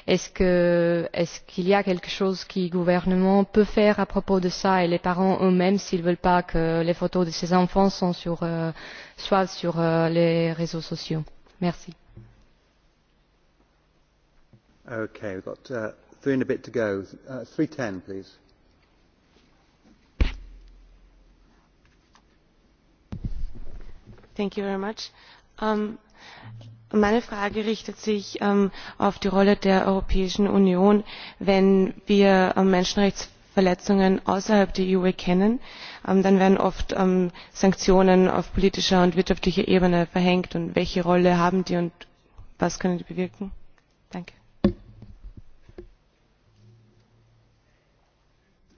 [SPEAKER 6] Est-ce qu'il est qu y a quelque chose que le gouvernement peut faire à propos de ça et les parents eux-mêmes s'ils ne veulent pas que les photos de ces enfants soient sur, euh, soient sur euh, les réseaux sociaux Merci.
[SPEAKER 1] Okay, we've got uh, three and a bit to go. Uh, 310, please.
[SPEAKER 5] Thank you very much. Um, meine frage richtet sich ähm, auf die rolle der europäischen union wenn wir ähm, menschenrechtsverletzungen außerhalb der eu erkennen ähm, dann werden oft ähm, sanktionen auf politischer und wirtschaftlicher ebene verhängt. Und welche rolle haben die und was können die bewirken?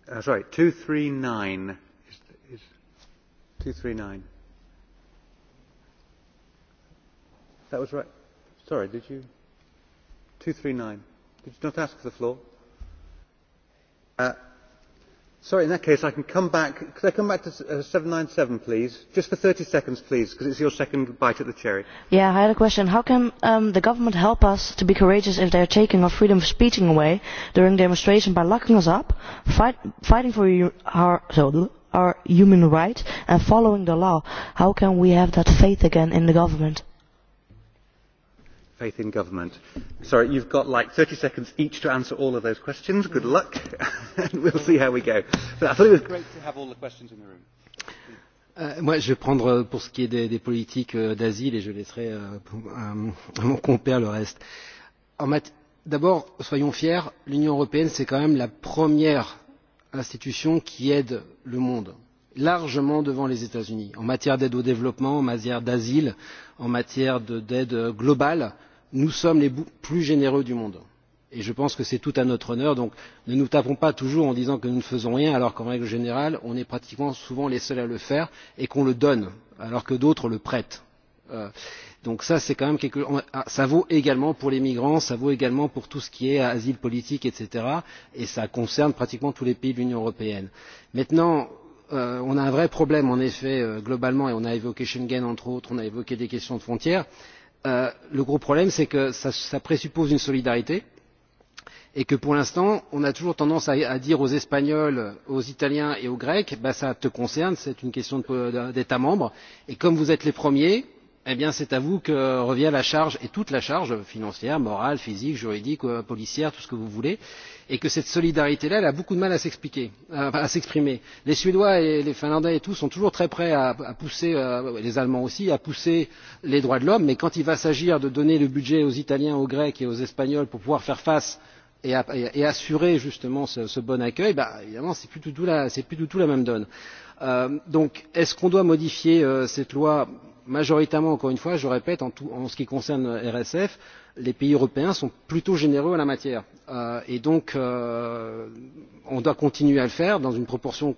[SPEAKER 1] Uh, sorry, 239 is, is 239. That was right. Sorry, did you? 239. Did you not ask for the floor? Uh, Sorry, in that case, I can come back. Could I come back to uh, 797, please? Just for 30 seconds, please, because it's your second bite at the cherry.
[SPEAKER 5] Yeah, I had a question. How can um, the government help us to be courageous if they're taking our freedom of speech away during demonstration by locking us up, fight, fighting for our, so, our human right, and following the law? How can we have that faith again in the government?
[SPEAKER 1] faith in government. Sorry, you've got like 30 seconds each to answer all of those questions. Good luck,
[SPEAKER 2] and we'll see how we go. But I thought it was great
[SPEAKER 1] to have all the questions in the room.
[SPEAKER 2] Euh, moi, je vais prendre euh, pour ce qui est des, des politiques euh, d'asile et je laisserai euh, euh à mon compère le reste. D'abord, soyons fiers, l'Union européenne, c'est quand même la première institution qui aide le monde largement devant les états unis en matière d'aide au développement en matière d'asile en matière d'aide globale nous sommes les plus généreux du monde et je pense que c'est tout à notre honneur donc ne nous tapons pas toujours en disant que nous ne faisons rien alors qu'en règle générale on est pratiquement souvent les seuls à le faire et qu'on le donne alors que d'autres le prêtent. Euh, donc ça c'est quand même quelque ça vaut également pour les migrants ça vaut également pour tout ce qui est asile politique etc. et ça concerne pratiquement tous les pays de l'union européenne. maintenant euh, on a un vrai problème en effet euh, globalement et on a évoqué Schengen entre autres, on a évoqué des questions de frontières. Euh, le gros problème c'est que ça, ça présuppose une solidarité et que pour l'instant on a toujours tendance à, à dire aux espagnols aux italiens et aux grecs bah ça te concerne c'est une question d'états membres et comme vous êtes les premiers eh bien c'est à vous que revient la charge et toute la charge financière morale physique juridique euh, policière tout ce que vous voulez et que cette solidarité là elle a beaucoup de mal euh, à s'exprimer. les suédois et les finlandais et tous sont toujours très prêts à pousser euh, les allemands aussi à pousser les droits de l'homme mais quand il va s'agir de donner le budget aux italiens aux grecs et aux espagnols pour pouvoir faire face et assurer justement ce bon accueil évidemment c'est plus du tout la même donne. Euh, donc est ce qu'on doit modifier cette loi? majoritairement encore une fois je le répète en, tout, en ce qui concerne rsf les pays européens sont plutôt généreux en la matière euh, et donc euh, on doit continuer à le faire dans une proportion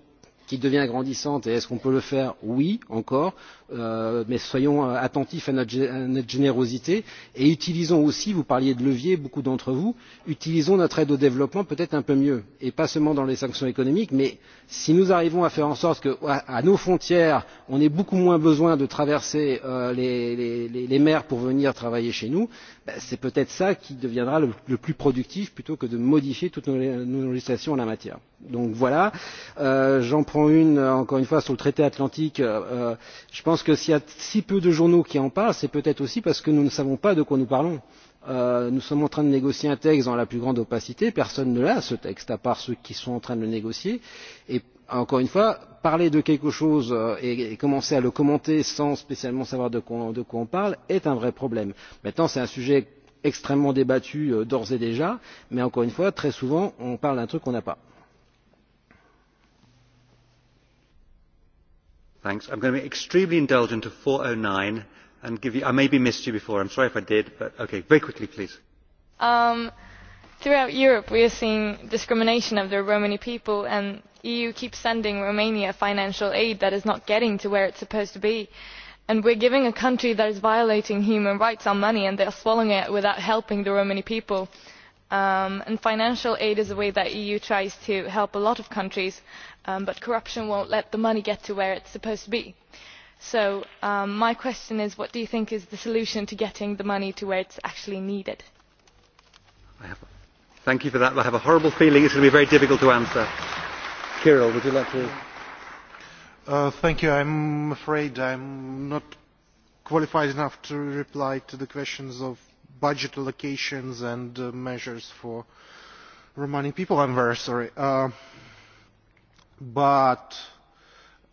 [SPEAKER 2] qui devient grandissante et est ce qu'on peut le faire oui encore? euh, mais soyons euh, attentifs à notre, à notre générosité et utilisons aussi vous parliez de levier beaucoup d'entre vous utilisons notre aide au développement peut être un peu mieux et pas seulement dans les sanctions économiques mais si nous arrivons à faire en sorte que à, à nos frontières on ait beaucoup moins besoin de traverser euh, les, les, les mers pour venir travailler chez nous ben, c'est peut être ça qui deviendra le, le plus productif plutôt que de modifier toutes nos, nos législations en la matière. donc voilà euh, j'en prends une euh, encore une fois sur le traité atlantique euh, euh je pense pense que s'il y a si peu de journaux qui en parlent c'est peut être aussi parce que nous ne savons pas de quoi nous parlons. Euh, nous sommes en train de négocier un texte dans la plus grande opacité personne ne l'a ce texte à part ceux qui sont en train de le négocier et encore une fois parler de quelque chose euh, et commencer à le commenter sans spécialement savoir de quoi on parle est un vrai problème. maintenant c'est un sujet extrêmement débattu euh, d'ores et déjà mais encore une fois très souvent on parle d'un truc qu'on n'a pas.
[SPEAKER 1] Thanks. I'm going to be extremely indulgent to 409 and give you. I maybe missed you before. I'm sorry if I did, but okay, very quickly, please.
[SPEAKER 5] Um, throughout Europe, we are seeing discrimination of the Romani people, and EU keeps sending Romania financial aid that is not getting to where it's supposed to be. And we're giving a country that is violating human rights our money, and they are swallowing it without helping the Romani people Um, and financial aid is a way that the eu tries to help a lot of countries um, but corruption will not let the money get to where it is supposed to be. so um, my question is what do you think is the solution to getting the money to where it is actually needed?
[SPEAKER 1] Have, thank you for that. i have a horrible feeling it is going to be very difficult to answer. kirill would you like to?
[SPEAKER 3] Uh, thank you. i'm afraid i'm not qualified enough to reply to the questions of budget allocations and uh, measures for Romani people. I'm very sorry. Uh, but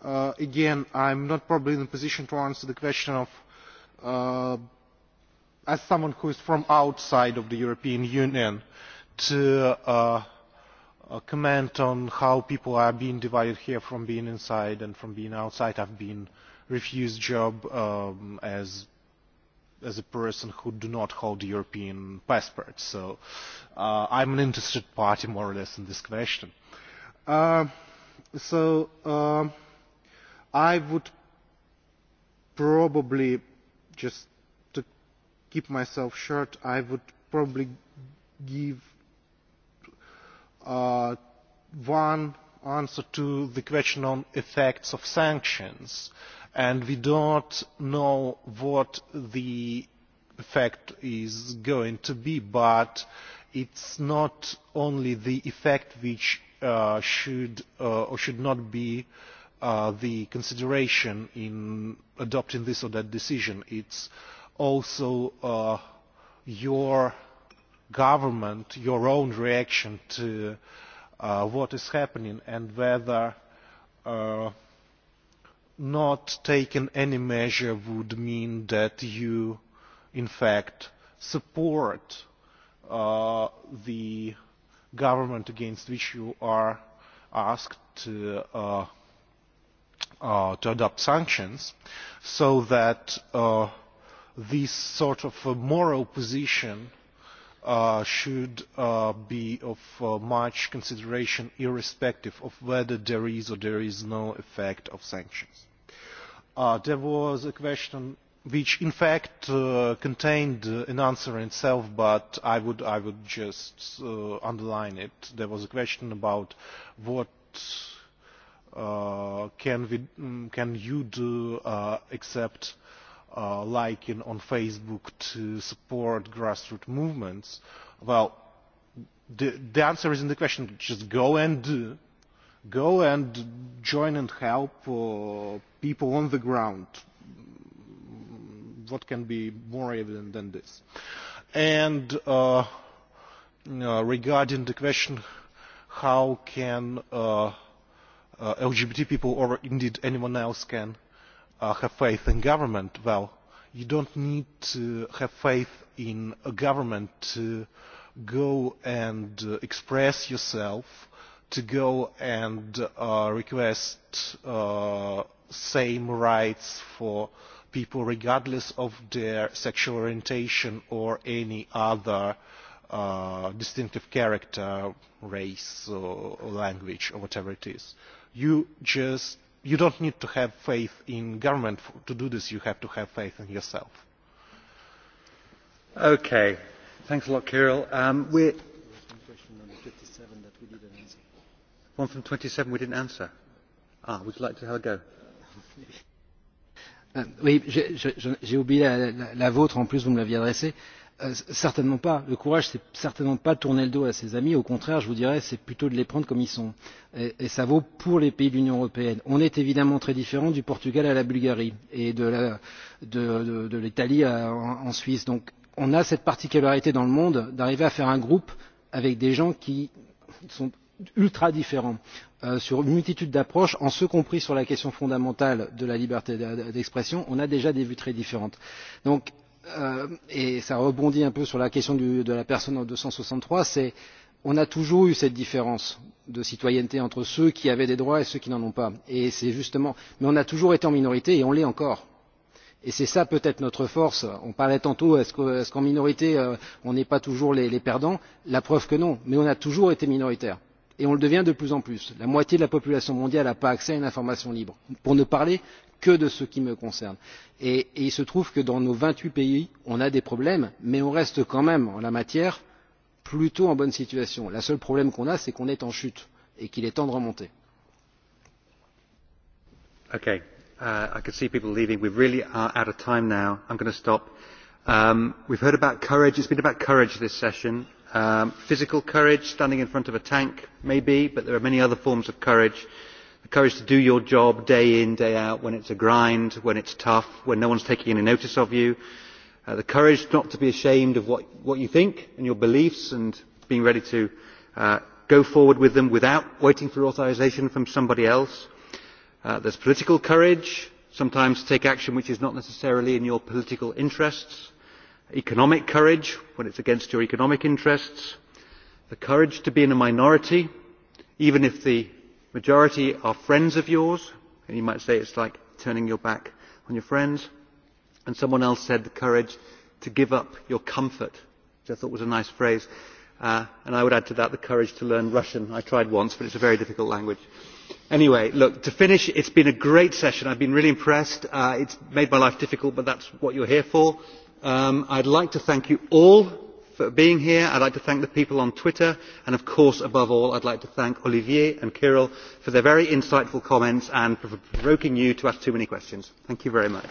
[SPEAKER 3] uh, again, I'm not probably in a position to answer the question of, uh, as someone who is from outside of the European Union, to uh, uh, comment on how people are being divided here from being inside and from being outside. I've been refused job um, as as a person who do not hold European passport. So uh, I'm an interested party more or less in this question. Uh, so uh, I would probably just to keep myself short, I would probably give uh, one answer to the question on effects of sanctions. Uh, and we do not know what the effect is going to be but it is not only the effect which uh, should uh, or should not be uh, the consideration in adopting this or that decision. It's also uh, your government, your own reaction to uh, what is happening and whether uh, not taking any measure would mean that you, in fact, support uh, the government against which you are asked to, uh, uh, to adopt sanctions, so that uh, this sort of moral position uh, uh, should uh, be of uh, much consideration irrespective of whether there is or there is no effect of sanctions. Uh, there was a question which in fact uh, contained uh, an answer in itself, but I would, I would just uh, underline it. There was a question about what uh, can, we, um, can you do uh, except uh, liking on Facebook to support grassroots movements, well, the, the answer is in the question, just go and do. Go and join and help uh, people on the ground. What can be more evident than this? And uh, uh, regarding the question, how can uh, uh, LGBT people or indeed anyone else can uh, have faith in government. Well, you don't need to have faith in a government to go and uh, express yourself, to go and uh, request uh, same rights for people regardless of their sexual orientation or any other uh, distinctive character, race or language or whatever it is. You just you don't need to have faith in government
[SPEAKER 1] to do this. You have to have faith in yourself. Okay. Thanks a lot, Kirill. Um, we're... One from 27 we didn't answer. Ah, would you like to have a go?
[SPEAKER 2] Euh, oui, j'ai oublié la, la, la vôtre, en plus vous me l'aviez adressée Euh, certainement pas. Le courage, c'est certainement pas tourner le dos à ses amis. Au contraire, je vous dirais, c'est plutôt de les prendre comme ils sont. Et, et ça vaut pour les pays de l'Union européenne. On est évidemment très différent du Portugal à la Bulgarie et de l'Italie de, de, de en, en Suisse. Donc, on a cette particularité dans le monde d'arriver à faire un groupe avec des gens qui sont ultra différents euh, sur une multitude d'approches, en ce compris sur la question fondamentale de la liberté d'expression, on a déjà des vues très différentes. Donc euh, et ça rebondit un peu sur la question du, de la personne en 263, c'est on a toujours eu cette différence de citoyenneté entre ceux qui avaient des droits et ceux qui n'en ont pas. Et c'est justement, mais on a toujours été en minorité et on l'est encore. Et c'est ça peut-être notre force. On parlait tantôt, est-ce qu'en est qu minorité, euh, on n'est pas toujours les, les perdants La preuve que non, mais on a toujours été minoritaire. Et on le devient de plus en plus. La moitié de la population mondiale n'a pas accès à une information libre, pour ne parler que de ce qui me concerne. Et, et il se trouve que dans nos vingt huit pays on a des problèmes mais on reste quand même en la matière plutôt en bonne situation. le seul problème qu'on a c'est qu'on est en chute et qu'il est temps de remonter.
[SPEAKER 1] Okay. Uh, I can see people leaving. We really are out of time now. I'm going to stop. Um, we've heard about courage. It's been about courage this session. Um, physical courage, standing in front of a tank, maybe, but there are many other forms of courage. Uh, the courage to do your job day in, day out, when it's a grind, when it's tough, when no one's taking any notice of you. Uh, the courage not to be ashamed of what, what you think and your beliefs and being ready to uh, go forward with them without waiting for authorisation from somebody else. Uh, there's political courage, sometimes to take action which is not necessarily in your political interests. Economic courage, when it's against your economic interests. The courage to be in a minority, even if the majority are friends of yours and you might say it's like turning your back on your friends and someone else said the courage to give up your comfort which i thought was a nice phrase uh, and i would add to that the courage to learn russian i tried once but it's a very difficult language anyway look to finish it's been a great session i've been really impressed uh, it's made my life difficult but that's what you're here for um, i'd like to thank you all for being here. i would like to thank the people on twitter and of course above all i would like to thank olivier and kirill for their very insightful comments and for provoking you to ask too many questions. thank you very much.